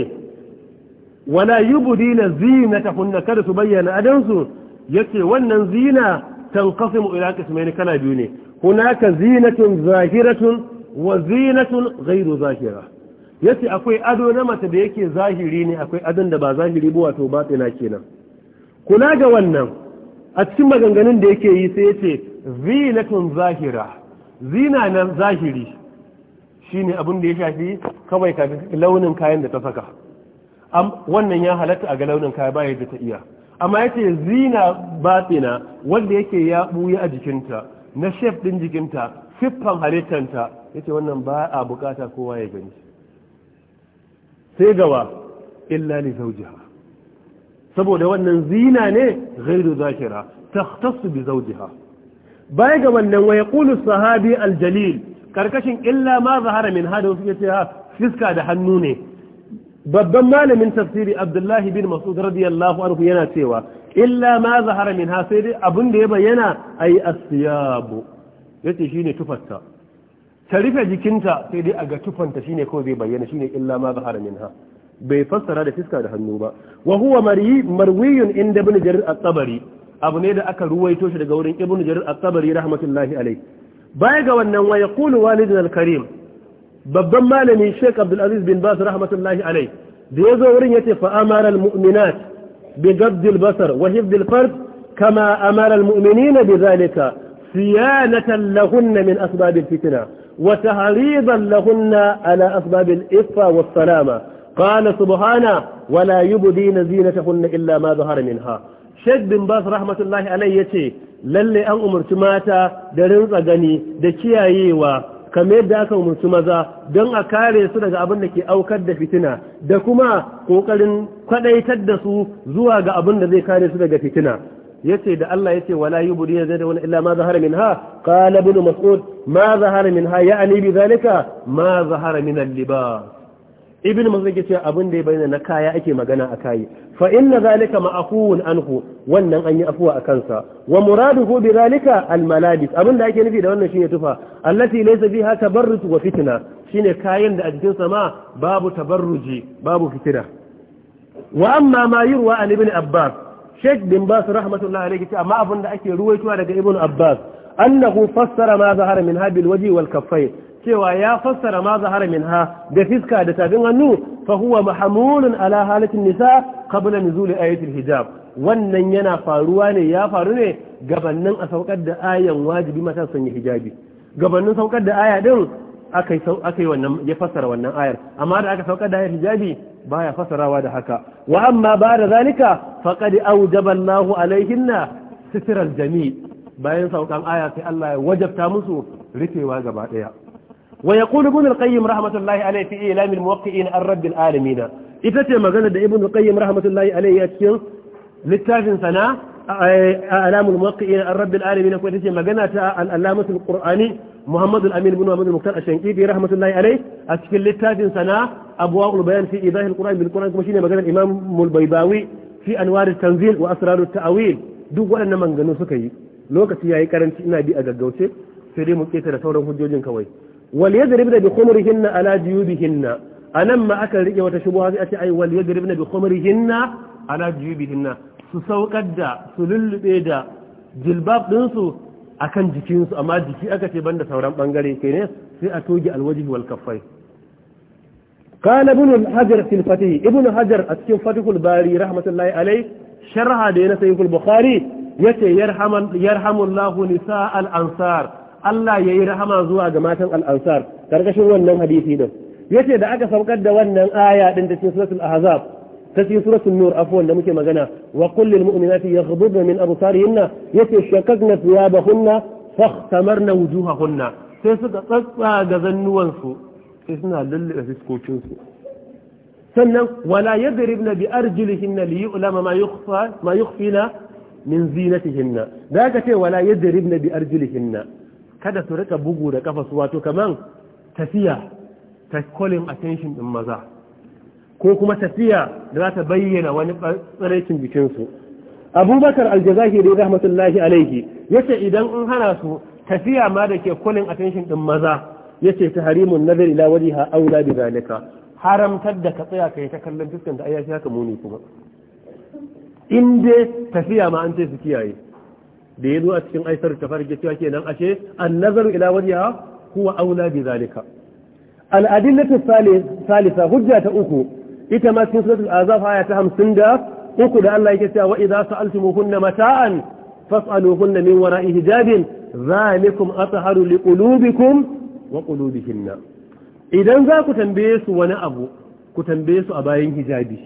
ولا يبدين zinatahunna kada su bayyana adansu yace wannan zina tanqasimu ila qismayn kana biyu ne hunaka zinatun zahiratun wa zinatun ghairu zahira yace akwai ado na mata da yake zahiri ne akwai adon da ba zahiri ba wato batina kenan kula ga wannan a cikin maganganun da yake yi sai yace zinatun zahira zina na zahiri shine abin da ya shafi kawai kafin launin kayan da ta saka wannan ya halatta a ga launin kaya ba yadda ta iya amma yace zina batina wanda yake ya buya a jikinta na shef din jikinta siffan halittanta yace wannan ba a bukata kowa ya gani sai gawa illa li zawjiha saboda wannan zina ne ghairu zakira takhtassu bi zawjiha baya ga wannan wa yaqulu sahabi aljalil karkashin illa ma zahara min hada wasu yace ha fiska da hannu ne babban malamin tafsiri abdullahi bin masud radiyallahu anhu yana cewa illa ma zahara min ha sai dai abin da ya bayyana ai asiyabu yace shine tufarta ta rufe jikinta sai dai a ga tufanta shine ko zai bayyana shine illa ma zahara min ha bai fassara da fiska da hannu ba wa huwa marwiyun inda ibn jarir at-tabari abu ne da aka ruwaito shi daga wurin ibn jarir at-tabari rahmatullahi alayh baya ga wannan wa yaqulu walidun al-karim babban malami Sheikh Abdul Aziz bin Bas rahmatullahi alai da ya zo wurin yace fa amara al mu'minat bi gadd basar wa hifd al fard kama amara al mu'minina bi zalika siyanatan lahunna min asbab al fitna wa tahriban lahunna ala asbab al iffa was salama قال سبحانه ولا يبدين زينتهن إلا ما ظهر منها شيخ بن باز رحمة الله عليه يتي lalle an umarci mata da rinsa gani da kiyayewa kamar yadda aka umarci maza don a kare su daga abin da ke aukar da fitina da kuma kokarin kwadaitar da su zuwa ga abin da zai kare su daga fitina yace da Allah yace wala zai da wani illa ma zahara ha, qala ibn mas'ud ma zahara ha, ya'ni bi zalika ma zahara min al ibn mazun ke cewa abin da ya bayyana na kaya ake magana a kayi fa inna zalika ma'afuwun anhu wannan an yi afuwa a kansa wa muraduhu bi zalika al malabis abin da ake nufi da wannan shine tufa allati laysa fiha tabarruj wa fitna shine kayan da a jikin sama babu tabarruji babu fitina wa amma ma yurwa an ibn abbas sheikh bin bas rahmatullahi alayhi ce amma abin da ake ruwaitowa daga ibn abbas annahu fassara ma zahara min habil wal kaffayn cewa ya fassara ma zahara ha da fiska da tafin hannu fa huwa mahamulun ala halatin nisa qabla nuzuli ayatul hijab wannan yana faruwa ne ya faru ne gabannin a saukar da ayan wajibi mata sanya hijabi gabannin saukar da aya din akai akai wannan ya fassara wannan ayar amma da aka saukar da ayar hijabi baya fassarawa da haka wa amma ba da zalika faqad awjaba Allahu alaihinna sitral jami' bayan saukan aya sai Allah ya wajabta musu rufewa gaba daya ويقول ابن القيم رحمة الله عليه في إعلام الموقعين الرب العالمين إتتي مغنى ابن القيم رحمة الله عليه يتكين للتاف سنة أعلام الموقعين الرب العالمين وإتتي مغنى الألامة القرآني محمد الأمين بن محمد المختار الشنقيبي رحمة الله عليه أتكين للتاف سنة أبواء البيان في إيضاح القرآن بالقرآن كمشيني مغنى الإمام البيضاوي في أنوار التنزيل وأسرار التأويل duk waɗannan manganu suka yi lokaci ya yi karanci ina bi a gaggauce sai dai mu keta da sauran hujjojin kawai wal yadribna bi khumurihinna ala ma aka rike wata shubha sai a ce ai wal yadribna bi khumurihinna ala jiyubihinna su saukar da su lullube da jilbab ɗinsu akan jikinsu amma jiki aka ce banda sauran ɓangare ke ne sai a toge alwajihi wal kaffai kana ibn hajar fil fatih ibn hajar a cikin fatihul bari rahmatullahi alai sharha da yana sahihul bukhari yace yarhaman yarhamullahu nisa al ansar Allah ya yi rahama zuwa ga matan al'ansar ƙarƙashin wannan hadisi din yace da aka saukar da wannan aya ɗin da cikin suratul ahzab ta cikin suratul nur afwan da muke magana wa qul lil mu'minati yaghdudna min absarihinna yace shakakna thiyabahunna fakhtamarna wujuhahunna sai suka tsatsa ga zannuwan su sai suna lalle fiskokin su sannan wala yadribna bi arjulihinna li yu'lama ma yukhfa ma yukhfina min zinatihinna da ka ce wala yadribna bi arjulihinna kada su rika bugu da kafa su wato kaman tafiya ta calling attention din maza ko kuma tafiya da za ta bayyana wani tsaraicin bikinsu abubakar aljazahiri rahmatullahi alaihi yace idan in hana su tafiya ma da ke calling attention din maza yace ta harimun nazar ila wajiha aula bi zalika haramtar da ka tsaya kai ta kallon fuskan da ayyashi haka muni kuma in tafiya ma an ce su kiyaye da ya zo a cikin aisar ta farge cewa kenan ashe an nazar ila wajha kuwa aula bi zalika al salisa hujja ta uku ita ma cikin suratul azab aya ta 50 uku da Allah yake cewa wa idza sa'altumuhunna mata'an fas'aluhunna min wara'i hijabin zalikum atharu liqulubikum wa qulubihinna idan za ku tambaye su wani abu ku tambaye su a bayan hijabi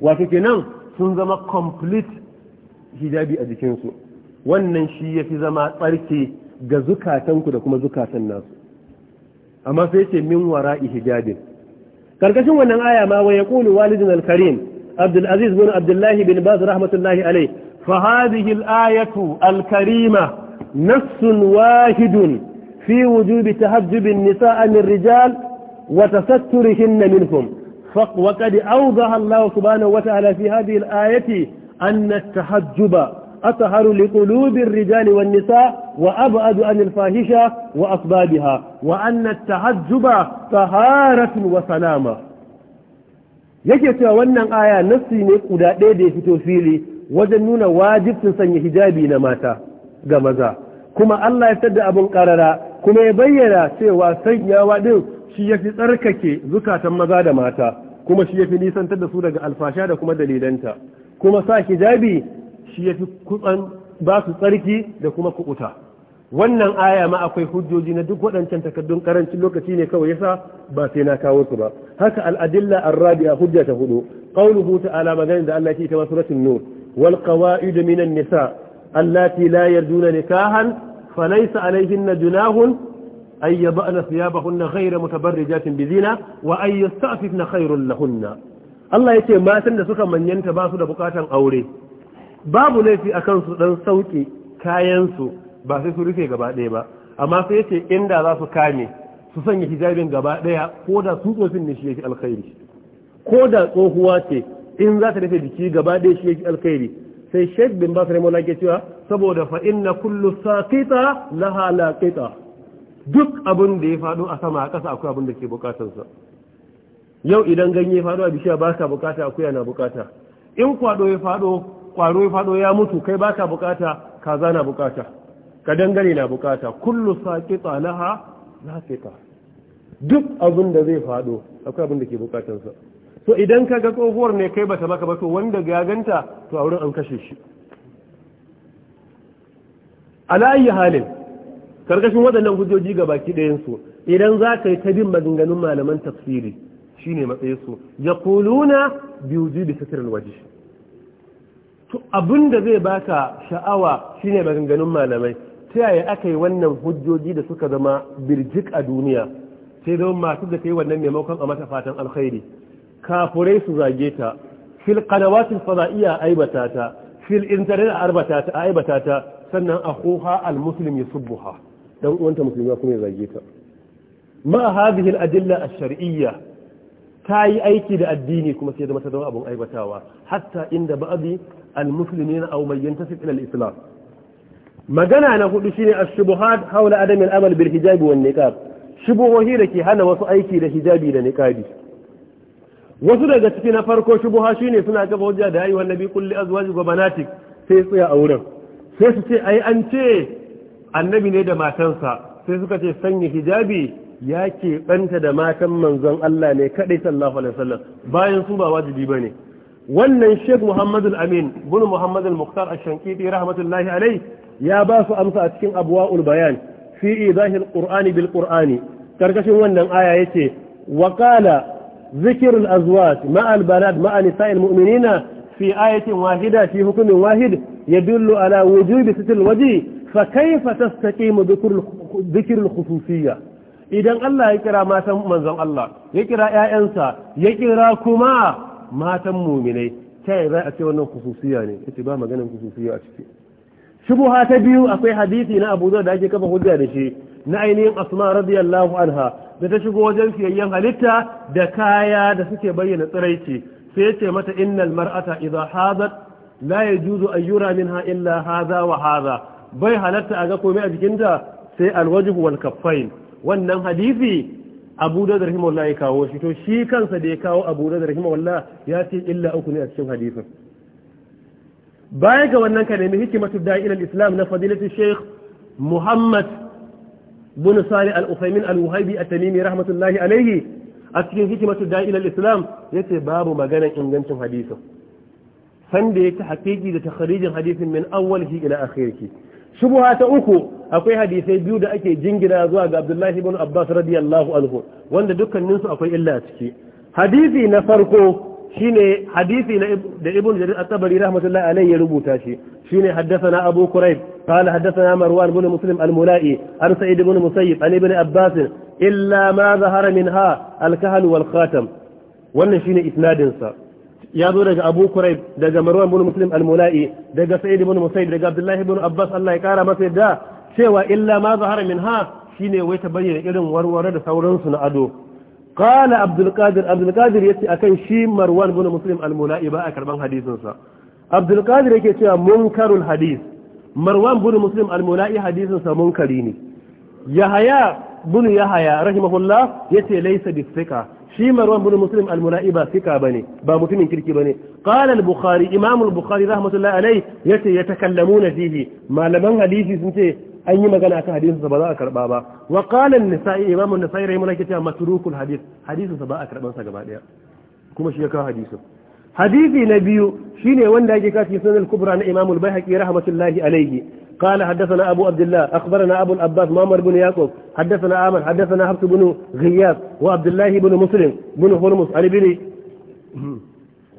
wato kenan sun zama complete hijabi a jikinsu wannan shi ya fi zama tsarki ga zukatanku da kuma zukatan nasu amma sai ce min wara ihijabin karkashin wannan aya ma wa yaqulu walidun al-karim abdul aziz bin abdullahi bin baz rahmatullahi alayhi fa hadhihi al-ayatu al-karima nassun wahidun fi wujubi tahajjub an-nisaa min rijal wa tasatturihinna minhum وقد أوضح الله سبحانه وتعالى في هذه الآية أن التحجب أطهر لقلوب الرجال والنساء وأبعد عن الفاحشة وأسبابها وأن التعجب طهارة وسلامة yake cewa wannan aya nassi ne guda ɗaya da ya fito fili wajen nuna wajibcin sanya hijabi na mata ga maza kuma Allah ya da abin karara kuma ya bayyana cewa sanyawa din shi ya fi tsarkake zukatan maza da mata kuma shi ya fi nisantar da su daga alfasha da kuma dalilanta kuma sa hijabi shi yafi kutsan ba su tsarki da kuma kuɓuta. wannan aya ma akwai hujjoji na duk waɗancan takaddun karancin lokaci ne kawai yasa ba sai na kawo su ba haka al-adilla ar a hujja ta hudu qawluhu ta'ala maganin da Allah ya ce ta suratul nur wal qawa'id minan nisa allati la yarjuna nikahan falaysa alayhinna junahun ay yad'na thiyabahunna ghayra mutabarrijatin bizina wa ay yasta'fifna na lahunna Allah ya ce matan da suka manyanta ba su da bukatan aure babu laifi a kansu dan sauke kayansu ba sai su rufe gaba ɗaya ba amma sai yace inda za su kame su sanya hijabin gaba ɗaya ko da su tsofin ne shi yake alkhairi ko da tsohuwa ce in za ta rufe jiki gaba ɗaya shi yake alkhairi sai shek bin basir mola ke cewa saboda fa inna kullu saqita laha laqita duk abin da ya faɗo a sama a ƙasa akwai abin da ke sa yau idan ganye faɗo a bishiya ba ka bukata akuya na bukata in kwado ya faɗo ƙwaro ya faɗo ya mutu kai baka bukata kaza na bukata ka dangane na bukata kullu tsanaha na zaqita duk abin da zai faɗo akwai abin da ke bukatansa to idan ka ga tsohuwar ne kai bata maka ba to wanda ya ganta to a wurin an kashe shi ala halin karkashin waɗannan hujjoji ga baki ɗayansu idan za ka yi ta bin maganganun malaman tafsiri shine matsayinsu yaquluna bi biyu satr al abin da zai baka sha'awa shine maganganun malamai ta yaya aka yi wannan hujjoji da suka zama birjik a duniya sai zama masu da ta yi wannan maimakon a mata fatan alkhairi kafurai su zage ta fil qanawatil iya aibata ta fil internet arbata ta aibata ta sannan akhuha almuslim yusubbuha dan uwanta musulmi kuma ya zage ta ma hadhihi aladilla ash-shar'iyya ta yi aiki da addini kuma sai zama ta zama abun aibatawa hatta inda ba'adi المسلمين أو من ينتسب Islam magana na hudu shine ash-shubuhat hawla adam al-amal bil hijabi wan niqab shubuhohi da ke hana wasu aiki da hijabi da niqabi wasu daga ciki na farko shubuha shine suna kafa hujja da ayi wannabi kulli azwaji wa banatik sai tsaya a wurin sai su ce ai an ce annabi ne da matansa sai suka ce sanya hijabi ya ke banta da matan manzon Allah ne kadai sallallahu alaihi wasallam bayan su ba wajibi bane wannan Sheikh Muhammad amin bin Muhammad al-Muqtar shankiti rahmatullahi alayh ya ba su amsa a cikin abwaul bayan fi idahil qur'ani bil qur'ani karkashin wannan aya yace wa qala zikrul azwaj ma'a al-balad ma'a nisa'il mu'minina fi ayatin wahida fi hukmin wahid yadullu ala wujubi sitil waji fa kayfa tastaqimu dhikrul khususiyyah idan Allah ya kira matan manzon Allah ya kira ƴaƴansa ya kira kuma matan muminai ta yaya za a ce wannan kususiya ne ita ba maganin kususiya a ciki shubuha ta biyu akwai hadisi na Abu da ake kafa hujja da shi na ainihin Asma radiyallahu anha da ta shigo wajen siyayyen halitta da kaya da suke bayyana tsiraici sai ya ce mata innal mar'ata idza hadat la yajuzu an yura minha illa hadha wa hadha bai halatta a ga komai a jikinta sai alwajhu wal kaffain wannan hadisi abu da rahimahullah ya kawo shi to shi kansa da ya kawo abu da rahimahullah ya ce illa uku ne a cikin hadisin baya ga wannan ka nemi hikimatu da'ilal islam na fadilati sheikh muhammad bin sali al-usaimin al wuhaibi at-tamimi rahmatullahi alayhi a cikin hikimatu da'ilal islam yace babu maganar ingancin hadisin san da yake haƙiƙi da takharijin hadisin min awwalihi ila akhirihi shubuha ta uku akwai hadisai biyu da ake jingina zuwa ga abdullahi ibn abbas radiyallahu anhu wanda dukkaninsu akwai illa a ciki hadisi na farko shine hadisi na da ibn jarir at-tabari rahmatullahi alayhi ya rubuta shi shine haddathana abu quraib qala haddathana marwan ibn muslim al-mulai an sa'id ibn musayyib an ibn abbas illa ma zahara minha al-kahl wal wannan shine isnadinsa. ya zo daga Abu Kurayb daga Marwan bin Muslim al-Mula'i daga Sa'id bin Musayyib daga Abdullahi bin Abbas Allah ya kara masa yadda cewa illa ma zahara ha shine wai ta bayyana irin warware da sauransu na ado qala Abdul Qadir Abdul Qadir yace akan shi Marwan bin Muslim al-Mula'i ba a karban hadisin sa Abdul Qadir yake cewa munkarul hadis Marwan bin Muslim al-Mula'i hadisin sa munkari ne Yahaya bin Yahaya rahimahullah yace laysa bisika shi marwan bin muslim almula'i ba fika bane ba mutumin kirki bane qala al-bukhari imam al-bukhari rahmatullahi alayhi yace yatakallamuna fihi malaman hadisi sun ce an yi magana akan hadisin sa ba za a karba ba wa qala an-nisa'i imam an-nisa'i rahimahullah yace matrukul hadith hadisin sa ba a karban sa gaba daya kuma shi ya kawo hadisin hadisi na biyu shine wanda yake kafi sunan al-kubra na imam al-baihaqi rahmatullahi alayhi قال حدثنا أبو عبد الله أخبرنا أبو العباس مامر بن يعقوب حدثنا عامر حدثنا حفص بن غياث وعبد الله بن مسلم بن هرمز عن ابن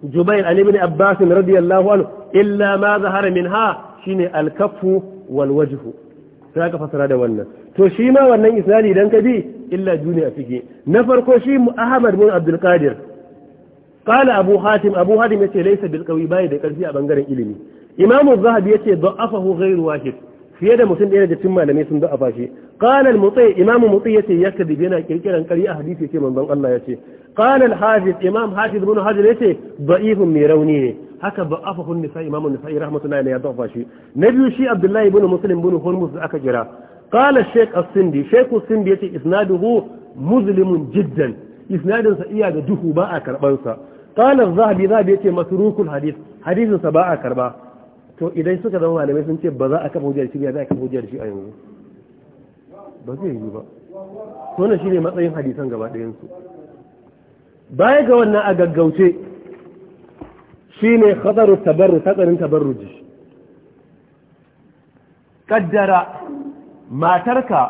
جبير عن ابن عباس رضي الله عنه إلا ما ظهر منها شيني الكف والوجه sai aka fasara da wannan to shi ma wannan isnadi idan ka bi illa juni a fike na farko shi Ahmad bin Abdul Qadir qala Abu Hatim Abu Hatim yace laysa bil qawi bai da karfi a bangaren ilimi imamu zahabi yace da'afahu ghairu wahid fiye da mutum ɗaya da cikin malamai sun da'afa shi qala al-mutai imamu mutai yace yakdib yana kirkiran ƙarya hadisi yace manzon Allah yace qala al-hafiz imam hafiz ibn hajar yace da'ifun mai rauni ne haka da'afahu an-nisa imamu an-nisa rahmatullahi alayhi ya da'afa shi na shi abdullahi ibn muslim ibn hurmuz aka kira qala shaykh as-sindi shaykh as-sindi yace isnaduhu muzlimun jiddan isnadin sa iya da duhu ba a karban sa qala yace hadith hadisin sa ba a karba to idan suka zama malamai sun ce ba za a kafa hujjar shi ba za a kafa hujjar shi a yanzu ba zai yi ba to wannan shine matsayin hadisan gaba ɗayan su baya ga wannan a gaggauce shine khadaru tabarru hatsarin tabarruji kaddara matarka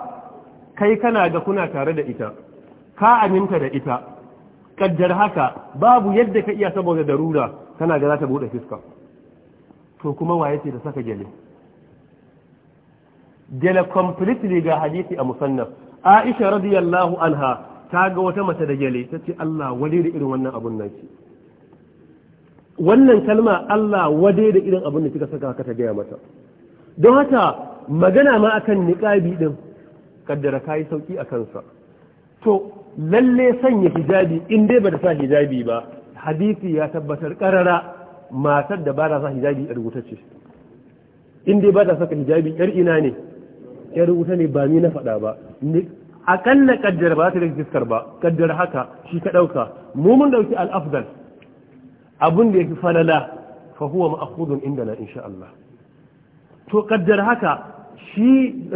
kai kana ga kuna tare da ita ka aminta da ita kaddar haka babu yadda ka iya saboda darura kana ga za ta bude fiska to kuma waye ce da saka gele gele completely ga hadisi a musannaf Aisha radiyallahu anha ta ga wata mace da gele ta ce Allah wade da irin wannan abun nan ki wannan kalma Allah wade da irin abun da kika saka haka ta gaya mata don haka magana ma akan niqabi din kaddara kai sauki a kansa to lalle sanya hijabi in dai bata sa hijabi ba hadisi ya tabbatar karara matar da ba ta sa hijabi a rubutacce in dai ba ta saka hijabi yar ina ne yar rubuta ne ba ni na faɗa ba na kaddara ba ta rijistar ba kaddara haka shi ka ɗauka mu mun ɗauki al'afdal abin da ya fi falala fa huwa na na insha Allah to kaddara haka shi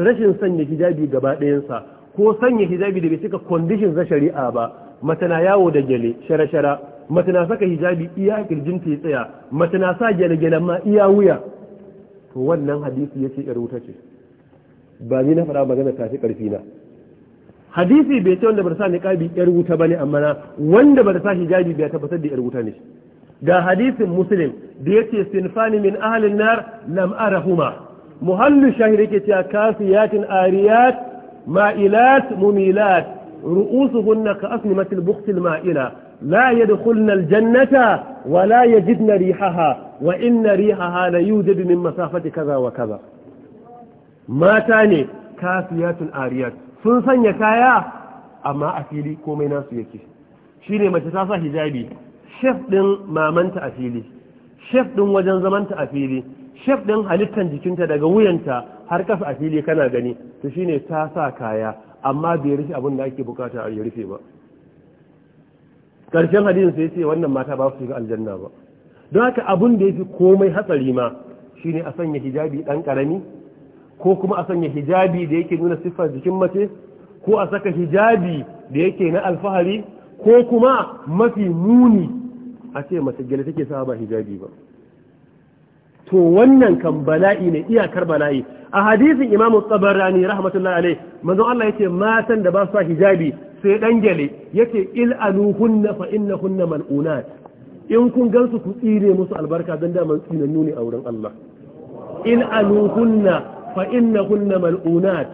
rashin sanya hijabi gaba ɗayansa ko sanya hijabi da bai cika kwandishin za shari'a ba mace na yawo da gele shara-shara mace na saka hijabi iya kirjin ta tsaya mace na sa gyale ma iya wuya to wannan hadisi yace yar wuta ce ba ni na fara magana ta fi karfi na hadisi bai ce wanda ba sa niqabi yar wuta bane amma na wanda bata sa hijabi bai tabbatar da yar wuta ne ga hadisin muslim da yace sinfani min ahlin nar lam arahuma muhallu shahid yake cewa kasiyatin ariyat ma'ilat mumilat ru'usuhunna ka asnimatil buqtil ma'ila لا يدخلن الجنة ولا يجدن ريحها وإن ريحها ليوجد من مسافة كذا وكذا ما تاني كافيات آريات sun sanya kaya amma a fili komai nasu yake shi ne mace ta sa hijabi shef ɗin mamanta a fili shef ɗin wajen zamanta a fili shef ɗin halittar jikinta daga wuyanta har kasa a fili kana gani to shine ne ta sa kaya amma bai rufe abin da ake bukata a rufe ba ƙarshen hadisin sai ce wannan mata ba su shiga aljanna ba don haka abin da yafi komai hatsari ma shine a sanya hijabi dan karami ko kuma a sanya hijabi da yake nuna siffar jikin mace ko a saka hijabi da yake na alfahari ko kuma mafi muni a ce mace gele take sa ba hijabi ba to wannan kan bala'i ne iyakar bala'i a hadisin imamu tsabarani rahmatullahi alaihi manzon Allah yake matan da ba su hijabi sai dan gele yace il aluhunna fa innahunna mal'unat in kun gansu ku tsire musu albarka dan daman tsinannu nuni a wurin Allah in aluhunna fa innahunna mal'unat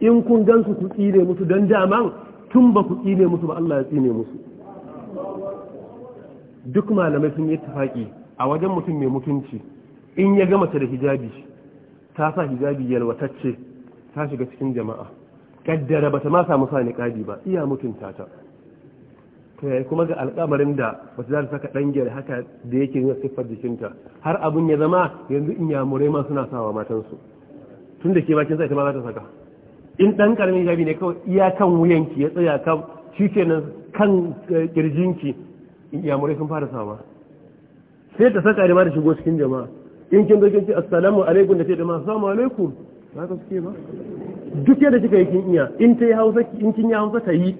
in kun gansu ku tsire musu dan daman tun ba ku tsire musu ba Allah ya tsine musu duk malamai sun yi tafaki a wajen mutum mai mutunci in ya gama ta da hijabi ta sa hijabi yalwatacce ta shiga cikin jama'a kaddara bata ma samu sa niqabi ba iya mutunta ta kai kuma ga alƙamarin da wata za ta saka ɗangiyar haka da yake yin siffar jikinta har abun ya zama yanzu inyamurai ma suna sawa matansu tun da ke bakin sa ita ma za ta saka in ɗan ƙaramin hijabi ne kawai iya kan wuyanki ya tsaya kan shi nan kan eh, ƙirjinki inyamurai sun fara sawa sai ta saka da ma da shigo cikin jama'a in kin zo kin ce assalamu alaikum da ce da ma assalamu alaikum za ka suke ba duk yadda kika yi kin iya in ta yi hausa in kin yi hausa ta yi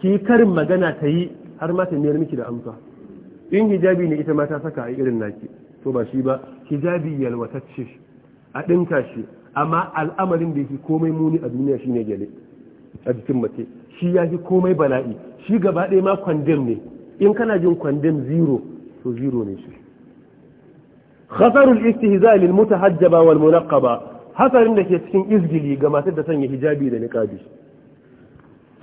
ki karin magana ta yi har ma ta miyar miki da amsa in hijabi ne ita ma ta saka a irin naki to ba shi ba hijabi yalwatacce a dinka shi amma al'amarin da yake komai muni a duniya shine gele a jikin mace shi ya fi komai bala'i shi gaba ɗaya ma kwandem ne in kana jin kwandem zero to zero ne shi lil mutahajjaba wal والمنقبة hatsarin da ke cikin izgili ga masu da sanya hijabi da niqabi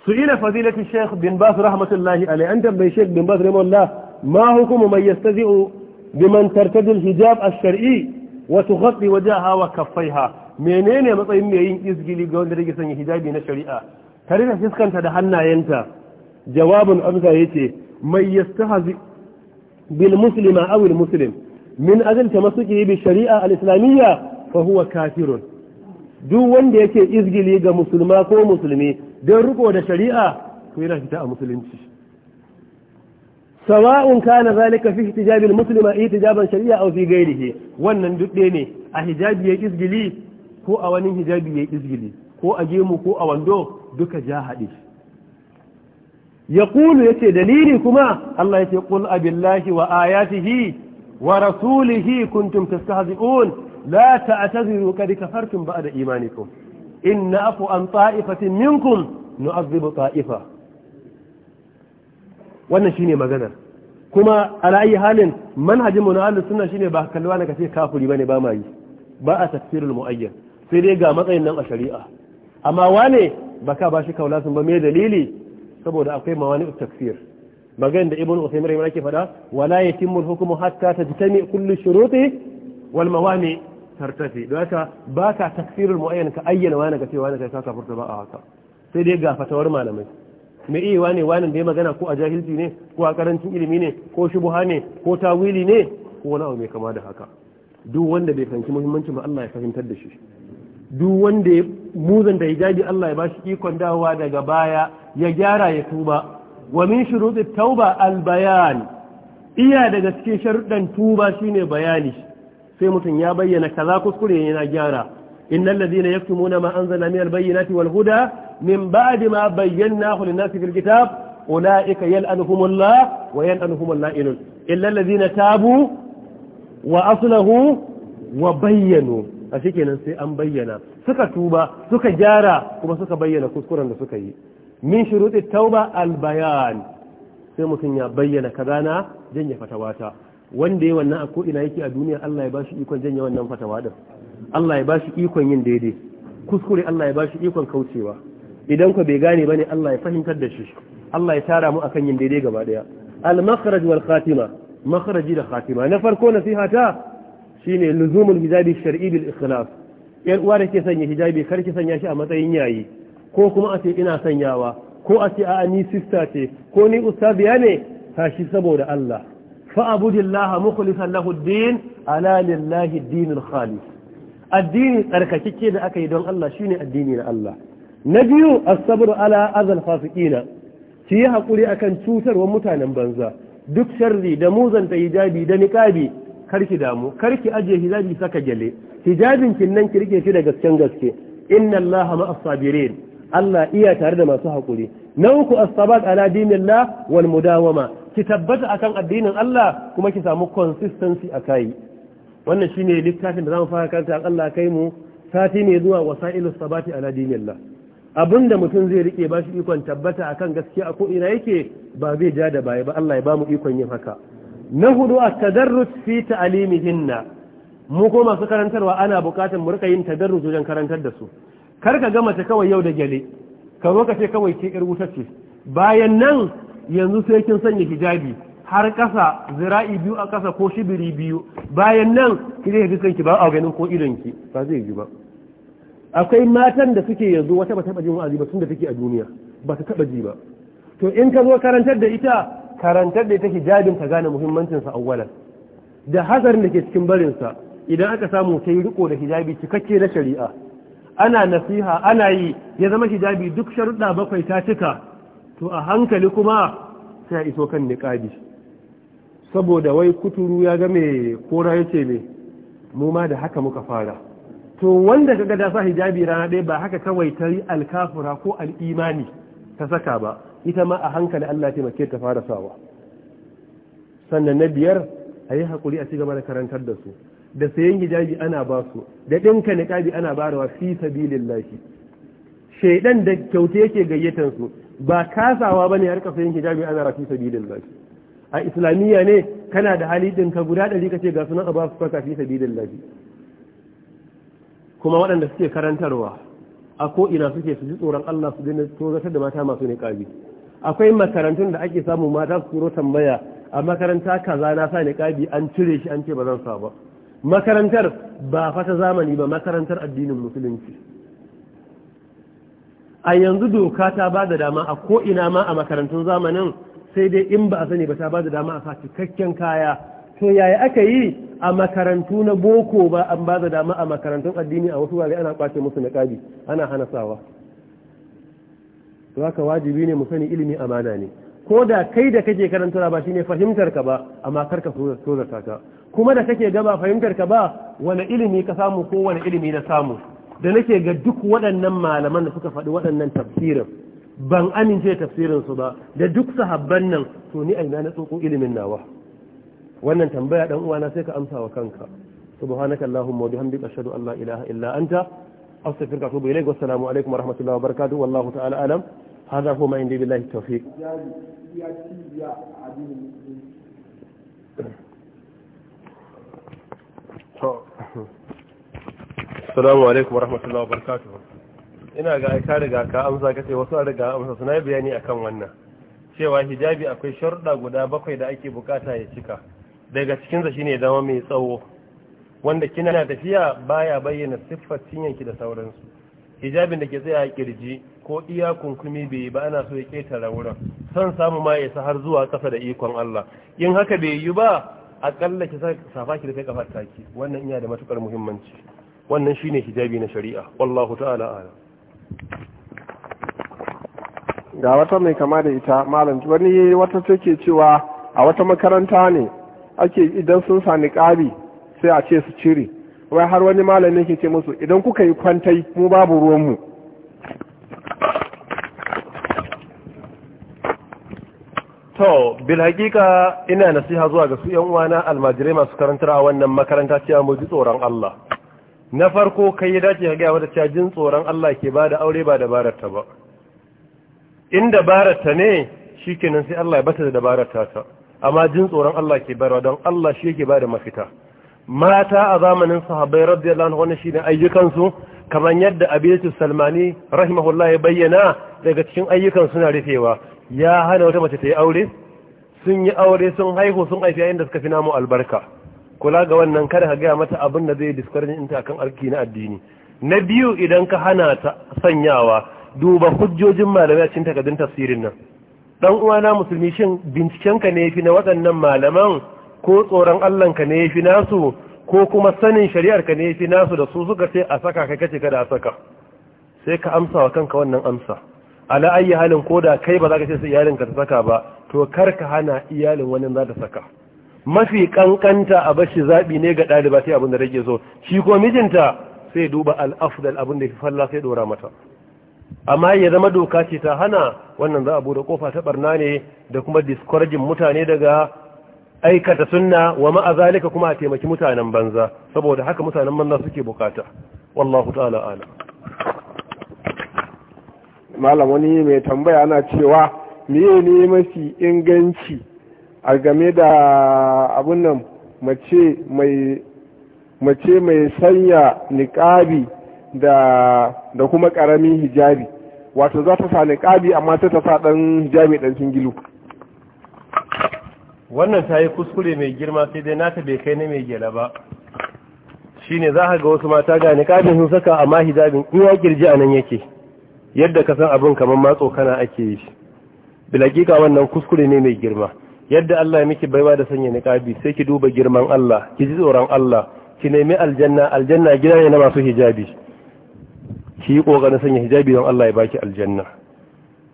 su ila fazilati sheikh bin bas rahmatullahi alai an tambayi sheikh bin bas rahimahullah ma hukumu man yastazi'u biman tartadi hijab ash-shar'i wa tughatti wajaha wa kaffaiha menene matsayin mai yin izgili ga wanda rage sanya hijabi na shari'a tare da fiskanta da hannayenta jawabin amsa yace mai yastahzi bil muslima aw al muslim min ajli tamassuki bi shari'a al-islamiyya fa kafirun duk wanda yake izgili ga musulma ko musulmi don riko da shari'a to yana fita a musulunci sawa'un kana zalika fi hijabi muslima hijaban shari'a aw fi ghairihi wannan duk ne a hijabi ya izgili ko a wani hijabi ya izgili ko a gemu ko a wando duka ja haɗe yaqulu yace dalili kuma Allah yace qul abillahi wa ayatihi wa rasulihi kuntum tastahzi'un la ta'taziru kad kafartum da imanikum in na'fu an ta'ifatin minkum nu'adhibu ta'ifa wannan shine maganar kuma ala halin manhajin mu na ahlus sunna shine ba kalwa na kace kafiri bane ba mai ba a tafsirul muayyan sai dai ga matsayin nan a shari'a amma wane baka ba shi kaulasun ba me dalili saboda akwai mawani tafsir magan da ibn usaymin rahimahullah ke fada wala yatimmu al-hukmu hatta tajtami kullu shuruti wal mawani tartafi don haka ba ka tafsirin mu'ayyan ka ayyana wani ga cewa wani kai ka furta ba a haka sai dai ga fatawar malamai me iya wani wani da ya magana ko a jahilci ne ko a karancin ilimi ne ko shubuha ne ko tawili ne ko wani abu mai kama da haka duk wanda bai fahimci muhimmancin ba Allah ya fahimtar da shi duk wanda ya da hijabi Allah ya bashi ikon dawowa daga baya ya gyara ya tuba wa min shurutit tauba al bayan iya daga cikin sharuɗan tuba shine bayani sai mutum ya bayyana kaza kuskure yana gyara innal ladina yaktumuna ma anzalna minal bayyinati wal huda min ba'di ma bayyanahu lin-nasi fil kitab ulaika yal'anuhumullah wa yal'anuhumul la'inun illa alladhina tabu wa aslahu wa bayyanu a shikenan sai an bayyana suka tuba suka gyara kuma suka bayyana kuskuren da suka yi min shuruɗi tauba albayan sai mutum ya bayyana kaza na janye fatawata wanda ya wannan a ko'ina yake a duniya Allah ya ba shi ikon janye wannan fatawa din Allah ya ba shi ikon yin daidai kuskure Allah ya ba shi ikon kaucewa idan ku bai gane bane Allah ya fahimtar da shi Allah ya tara mu akan yin daidai gaba daya al-makhraj wal khatima makhraji da khatima na farko nasiha ta shine luzumul hijabi shar'i bil ikhlas yan uwa da ke sanya hijabi kar ki sanya shi a matsayin yayi ko kuma a ce ina sanyawa ko a ce a ni sister ce ko ni ustaziya ne tashi saboda Allah فأبد الله مخلصا له الدين ألا لله الدين الخالص الدين تركتك إذا أكيد الله شيني الدين إلى الله نبي الصبر على أذى الفاسقين فيها قولي أكن توتر ومتانا بنزا duk sharri da muzanta hijabi da niqabi karki damu karki ajiye hijabi saka gele hijabin kin nan ki rike shi da gasken gaske inna allaha ma as Allah iya tare da masu hakuri na uku as ala dinillah wal mudawama ki tabbata akan addinin Allah kuma ki samu consistency a kai wannan shi ne littafin da zamu fara karanta an Allah kai mu sati ne zuwa wasailus sabati ala Allah abinda mutum zai rike ba shi ikon tabbata akan gaskiya a ko ina yake ba zai ja da baya ba Allah ya ba mu ikon yin haka na hudu a tadarrus fi ta'limihinna mu ko masu karantarwa ana bukatar mu rika yin tadarrus wajen karantar da su kar ka gama ta kawai yau da gele ka zo ka ce kawai ke irwutacce bayan nan yanzu sai kin sanya hijabi har ƙasa zira'i biyu a ƙasa ko shibiri biyu bayan nan ki zai fi ki ba a ganin ko idon ki ba zai yi ba akwai matan da suke yanzu wata ba taɓa jin wa'azi ba da take a duniya ba ta taɓa ji ba to in ka zo karantar da ita karantar da ita hijabin ka gane muhimmancin sa awwalan da hazarin da ke cikin barin sa idan aka samu sai riko da hijabi cikakke na shari'a ana nasiha ana yi ya zama hijabi duk sharuɗa bakwai ta cika to a hankali kuma sai a iso kan niƙabi saboda wai kuturu ya ga mai kora ya ce mai mu ma da haka muka fara to wanda ka da sa hijabi rana ɗaya ba haka kawai ta yi alkafura ko al'imani ta saka ba ita ma a hankali Allah Ta mace ta fara sawa sannan na biyar a yi haƙuri a cigaba da karantar da su da sayan hijabi ana ba su da ɗinka niƙabi ana barawa fi lafi shaidan da kyauta yake gayyatan su ba kasawa bane ya rika sayin hijabi ana rafi lafi a islamiyya ne kana da hali din ka guda ɗari ce, ga sunan abu saka da lafi kuma waɗanda suke karantarwa a ko suke su ji tsoron Allah su dinga zata da mata masu niqabi akwai makarantun da ake samu mata su tsoro tambaya a makaranta kaza na sa niqabi an cire shi an ce ba zan sa ba makarantar ba fata zamani ba makarantar addinin musulunci a yanzu doka ta ba da dama a ko'ina ma a makarantun zamanin sai dai in ba a sani ba ta ba da dama a sa cikakken kaya to yaya aka yi a makarantu na boko ba an ba da dama a makarantun addini a wasu wurare ana kwace musu niqabi ana hana sawa to haka wajibi ne mu sani ilimi amana ne ko da kai da kake karantawa ba shine fahimtar ka ba amma karka so ka kuma da kake gaba fahimtar ka ba wani ilimi ka samu ko wani ilimi na samu da nake ga duk waɗannan malaman da suka faɗi waɗannan tafsirin ban amince tafsirin su ba da duk sahabban nan to ni aina na tsoko ilimin nawa wannan tambaya dan uwana sai ka amsa wa kanka subhanaka allahumma wa bihamdika ashhadu an la ilaha illa anta astaghfiruka wa atubu ilayk wa assalamu alaikum wa rahmatullahi wa barakatuh wallahu ta'ala alam hadha huwa ma indi billahi tawfiq Assalamu alaikum warahmatullahi wabarakatuh. Ina ga aika riga ka amsa kace wasu a riga amsa suna bayani akan wannan. Cewa hijabi akwai sharuɗa guda bakwai da ake bukata ya cika. Daga cikin sa shine zama mai tsawo wanda kina tafiya baya bayyana siffar cinyanki da sauransu. Hijabin da ke tsaya a kirji ko iya kunkumi bai ba ana so ya ketara wurin. Son samu ma ya har zuwa kasa da ikon Allah. In haka bai yi ba akalla ki safa ki da kai kafar taki. Wannan iya da matukar muhimmanci. wannan shine hijabi na shari'a wallahu ta'ala a'lam ga wata mai kama da ita malam wani wata take cewa a wata makaranta ne ake idan sun sani niqabi sai a ce su cire wai har wani malam ne ke musu idan kuka yi kwantai mu babu ruwan ruwanmu to bil hakika ina nasiha zuwa ga su yan uwana almajirai masu karantar a wannan makaranta cewa mu ji tsoron Allah na farko kai ya dace ka gaya wata cewa jin tsoron Allah ke bada aure ba dabararta ba in dabararta ne shikenan sai Allah ya bata da dabararta ta amma jin tsoron Allah ke bayarwa don Allah shi yake bada mafita mata a zamanin sahabbai radiyallahu anhu wannan shine ayyukan su kamar yadda Abiyatu Salmani rahimahullahi ya bayyana daga cikin ayyukan suna rufewa ya hana wata mace ta yi aure sun yi aure sun haihu sun haifi yayin da suka fi namu albarka kula ga wannan kada ka gaya mata abin da zai discourage inta kan arki na addini na biyu idan ka hana ta sanyawa duba hujjojin malamai a cikin takardun tafsirin nan dan uwa na musulmi shin binciken ka ne yafi na waɗannan malaman ko tsoron Allah ka ne yafi nasu ko kuma sanin shari'ar ka ne yafi nasu da su suka ce a saka kai kace kada a saka sai ka amsa wa kanka wannan amsa ala ayyi halin koda kai ba za ka ce sai iyalinka ta saka ba to kar ka hana iyalin wani za ta saka mafi kankanta a bashi zaɓi ne ga ɗaliba sai abin da rage so shi ko mijinta sai duba al'afdal abin da fi falla sai dora mata amma ya zama doka ce ta hana wannan za a bude kofa ta barna ne da kuma discouraging mutane daga aikata sunna wa ma'azalika kuma a taimaki mutanen banza saboda haka mutanen banza suke bukata wallahu ta'ala ala malam wani mai tambaya ana cewa me ne mafi inganci a game da abun nan mace mai sanya niƙabi da kuma ƙaramin hijabi wato za ta sa niƙabi amma ta ta sa ɗan hijabi ɗan singilu wannan ta yi kuskure mai girma sai dai nata bai kai na mai gela ba shi ne za ga wasu mata ga niƙabin sun saka amma hijabin iya girji a nan yake yadda ka san abin kamar matso kana ake yi bilakika wannan kuskure ne mai girma yadda Allah ya miki baiwa da sanya niqabi sai ki duba girman Allah ki ji tsoron Allah ki nemi aljanna aljanna gida ne na masu hijabi ki yi kokarin sanya hijabi don Allah ya baki aljanna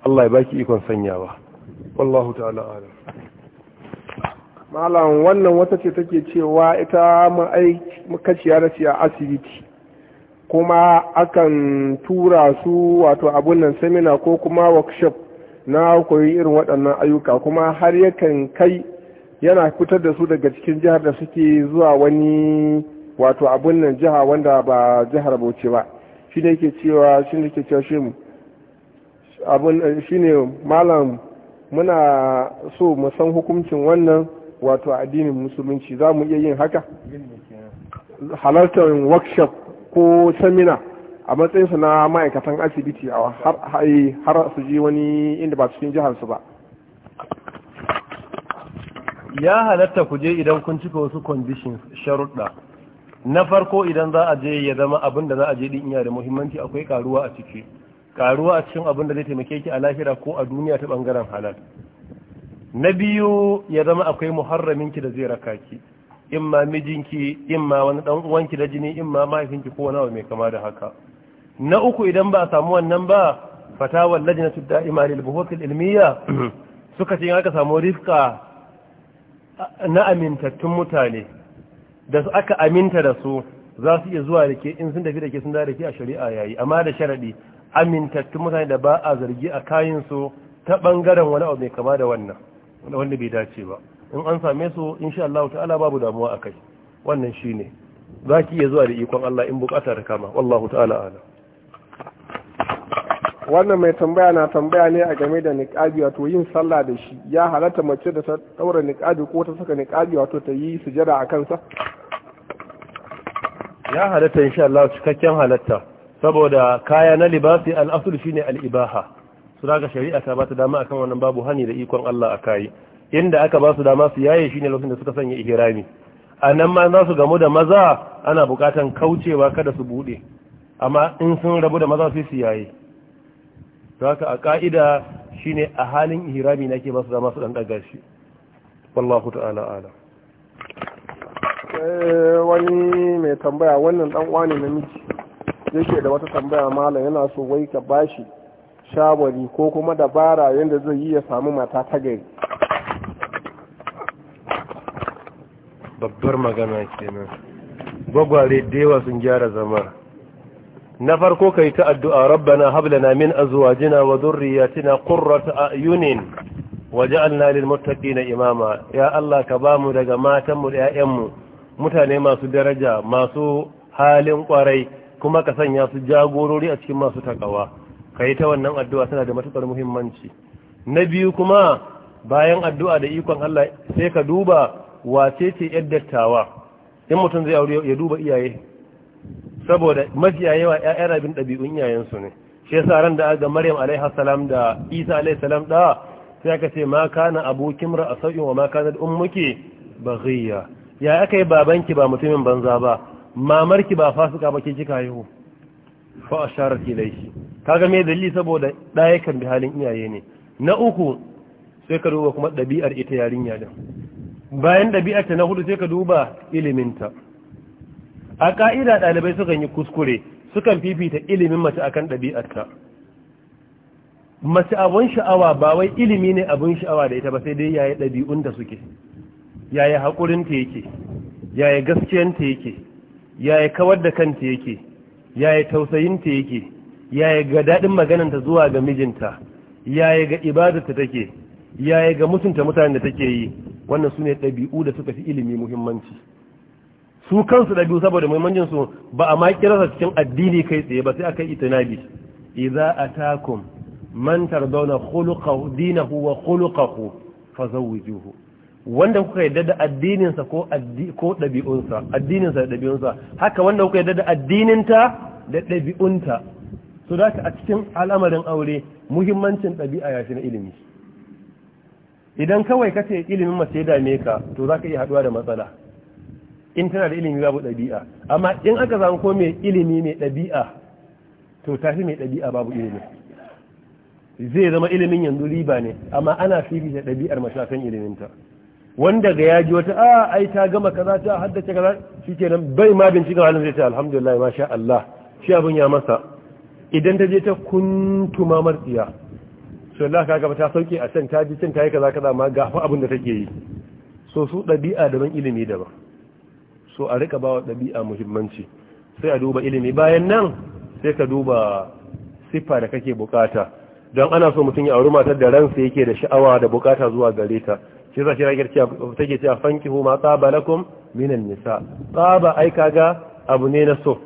Allah ya baki ikon sanyawa wallahu ta'ala alam malam wannan wata ce take cewa ita makaciya na a asibiti kuma akan tura su wato abun nan seminar ko kuma workshop na koyi irin waɗannan ayyuka kuma har yakan kai yana fitar da su daga cikin jihar da suke zuwa wani wato abun nan jiha wanda ba jihar bauchi ba shi ne ke cewa shi ne ke cewa shi ne malam muna so mu san hukuncin wannan wato addinin musulunci za mu iya yin haka halartar workshop ko seminar a matsayinsu na ma'aikatan asibiti a har su je wani inda ba cikin jiharsu ba ya halatta ku je idan kun cika wasu conditions sharuɗa na farko idan za a je ya zama abin da za a je din iya da muhimmanci akwai karuwa a ciki karuwa a cikin abin da zai taimake ki a lahira ko a duniya ta bangaren halal na biyu ya zama akwai muharramin ki da zai raka ki imma mijinki imma wani dan uwanki da jini imma mahaifinki ko wani mai kama da haka na uku idan ba a samu wannan ba fatawar Ladi na lil buhutul ilmiya suka ce aka samu rifka na amintattun mutane da su aka aminta da su za su iya zuwa da ke in sun tafi da ke sun da ke a shari'a yayi amma da sharadi amintattun mutane da ba a zargi a kayan su ta bangaren wani abu mai kama da wannan wanda bai dace ba in an same su insha Allah ta'ala babu damuwa akai wannan shine zaki iya zuwa da ikon Allah in bukatar kama wallahu ta'ala alam wannan mai tambaya na tambaya ne a game da niƙabi wato yin sallah da shi ya halatta mace da ta ɗaura niƙabi ko ta saka niƙabi wato ta yi sujada a kansa ya halatta insha Allah cikakken halatta saboda kaya na libasi al-asl shine Ibaha. su raga shari'a ta ba ta dama akan wannan babu hani da ikon Allah a kai inda aka ba su dama su yaye shine lokacin da suka sanya ihrami a nan ma za su gamu da maza ana bukatan kaucewa kada su bude amma in sun rabu da maza sai su yaye don haka a ka'ida shine a halin ihirami nake ba su zama su ɗan ɗaga shi wallahu ta'ala ala eh, wani mai tambaya wannan ɗan uwa ne miki yake da wata tambaya malam yana so wai ka bashi shawari ko kuma dabara yadda zai yi ya samu mata ta gari babbar magana nan gwagware dewa sun gyara zama na farko kai ta addu'a rabbana hablana min azwajina wa a qurrata a'yunin waj'alna lil na imama ya Allah ka bamu daga matan da ƴaƴan mu mutane masu daraja masu halin kwarai kuma ka sanya su jagorori a cikin masu takawa kai ta wannan addu'a tana da matukar muhimmanci na biyu kuma bayan addu'a da ikon Allah sai ka duba wace ce dattawa. in mutum zai aure ya duba iyaye saboda mafiya yawa ƴaƴan rabin ɗabi'un iyayensu ne shi yasa ran da ga Maryam alaiha salam da Isa alaihi salam da sai aka ce ma kana abokin ra'a sauƙin wa ma kana ummuki baghiya ya aka yi babanki ba mutumin banza ba mamarki ba fasika ba ke kika haihu fa asharat ilayhi kaga me dalili saboda ɗaya kan bi halin iyaye ne na uku sai ka duba kuma ɗabi'ar ita yarinya din bayan ɗabi'ar ta na hudu sai ka duba iliminta a ƙa'ida ɗalibai sukan yi kuskure sukan fifita ilimin mace akan ɗabi'arta mace abun sha'awa ba wai ilimi ne abin sha'awa da ita ba sai dai yayi ɗabi'un da suke yayi haƙurinta yake yayi gaskiyanta yake yayi kawar da kanta yake yayi tausayinta yake yayi ga daɗin magananta zuwa ga mijinta yayi ga ibadarta take yayi ga mutunta mutanen da take yi wannan su ne ɗabi'u da suka fi ilimi muhimmanci su kansu da biyu saboda muhimmancin su ba a ma kirasa cikin addini kai tsaye ba sai aka yi itinabi idza atakum man tardawna khuluqahu dinahu wa khuluqahu fazawwijuhu wanda kuka yadda da addininsa ko ko dabi'unsa addininsa da dabi'unsa haka wanda kuka yadda da addinin ta da dabi'unta so da a cikin al'amarin aure muhimmancin dabi'a ya na ilimi idan kawai kace ilimin mace ya dame ka to zaka iya haduwa da matsala in tana da ilimi babu ɗabi'a amma in aka zama ko mai ilimi mai ɗabi'a to tafi mai ɗabi'a babu ilimi zai zama ilimin yanzu riba ne amma ana fifi da ɗabi'ar matakan iliminta wanda ga yaji wata a ai ta gama kaza ta haddace kaza shikenan bai ma bincika halin zai ta alhamdulillah masha Allah shi abin ya masa idan ta je ta kuntuma martiya so Allah ka gaba ta sauke a can ta ji can ta yi kaza kaza ma ga abin da take yi so su ɗabi'a daban ilimi daban so a rika bawa ɗabi'a muhimmanci sai a duba ilimi bayan nan sai ka duba siffa da kake bukata don ana so mutum ya auri matar da ransa yake da sha'awa da bukata zuwa gare ta shi za shi rage take cewa fanki huma tsaba lakum minan nisa tsaba ai kaga abu ne na so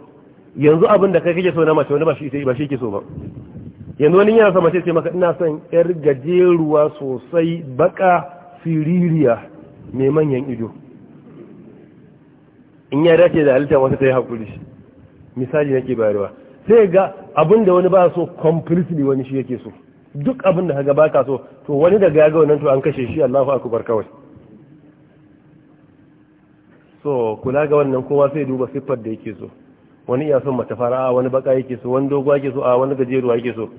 yanzu abin da kai kake so na mace wani ba shi ba shi ke so ba yanzu wani yana son mace ce maka ina son yar gajeruwa sosai baka siririya mai manyan ido in ya dace da halitta wata ta yi haƙuri misali nake bayarwa sai ga abin da wani ba so completely wani shi yake so duk abin da ka baka so to wani daga ya ga wannan to an kashe shi Allahu akubar kawai so kula ga wannan kowa sai duba siffar da yake so wani iya son mata fara wani baka yake so wani dogo yake so a wani gajeruwa yake so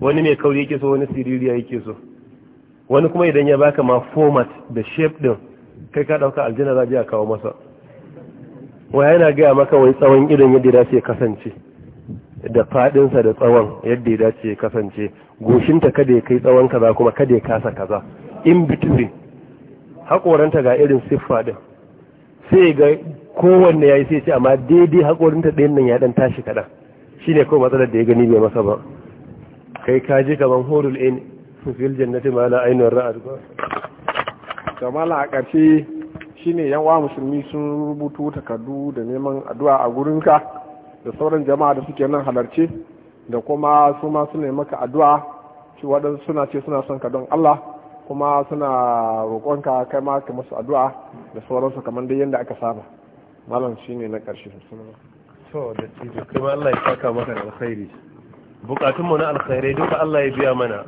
wani mai kauri yake so wani siririya yake so wani kuma idan ya baka ma format da shape din kai ka dauka aljanna za a kawo masa waya yana gaya maka wai tsawon idan yadda dace ya kasance da fadinsa da tsawon yadda ya dace ya kasance goshinta kada ya kai tsawon kaza kuma kada ya kasa kaza in between haƙoranta ga irin siffa din sai ga kowanne ya yi sai ce amma daidai haƙorinta ɗayan nan ya ɗan tashi kaɗan shi ne kawai matsalar da ya gani bai masa ba kai ka ji kaman horul in fil jannati ma la ainur ra'ad ba kamala a ƙarshe shine yan wa musulmi sun rubutu takardu da neman addu'a a gurinka da sauran jama'a da suke nan halarce da kuma su ma su ne maka addu'a shi waɗansu suna ce suna son ka don Allah kuma suna roƙonka kai ma ka musu addu'a da sauransu kamar dai yadda aka saba malam shine na ƙarshe to da tijo kuma Allah ya saka maka da alkhairi mu na alkhairi duka Allah ya biya mana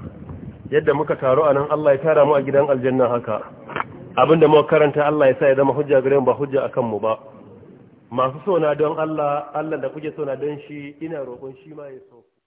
yadda muka taro a nan Allah ya tara mu a gidan aljanna haka Abin da muka karanta Allah ya sa ya zama hujja gare mu ba hujja akan mu ba masu sona don Allah Allah da kuke sona don shi ina roƙon shi ma ya so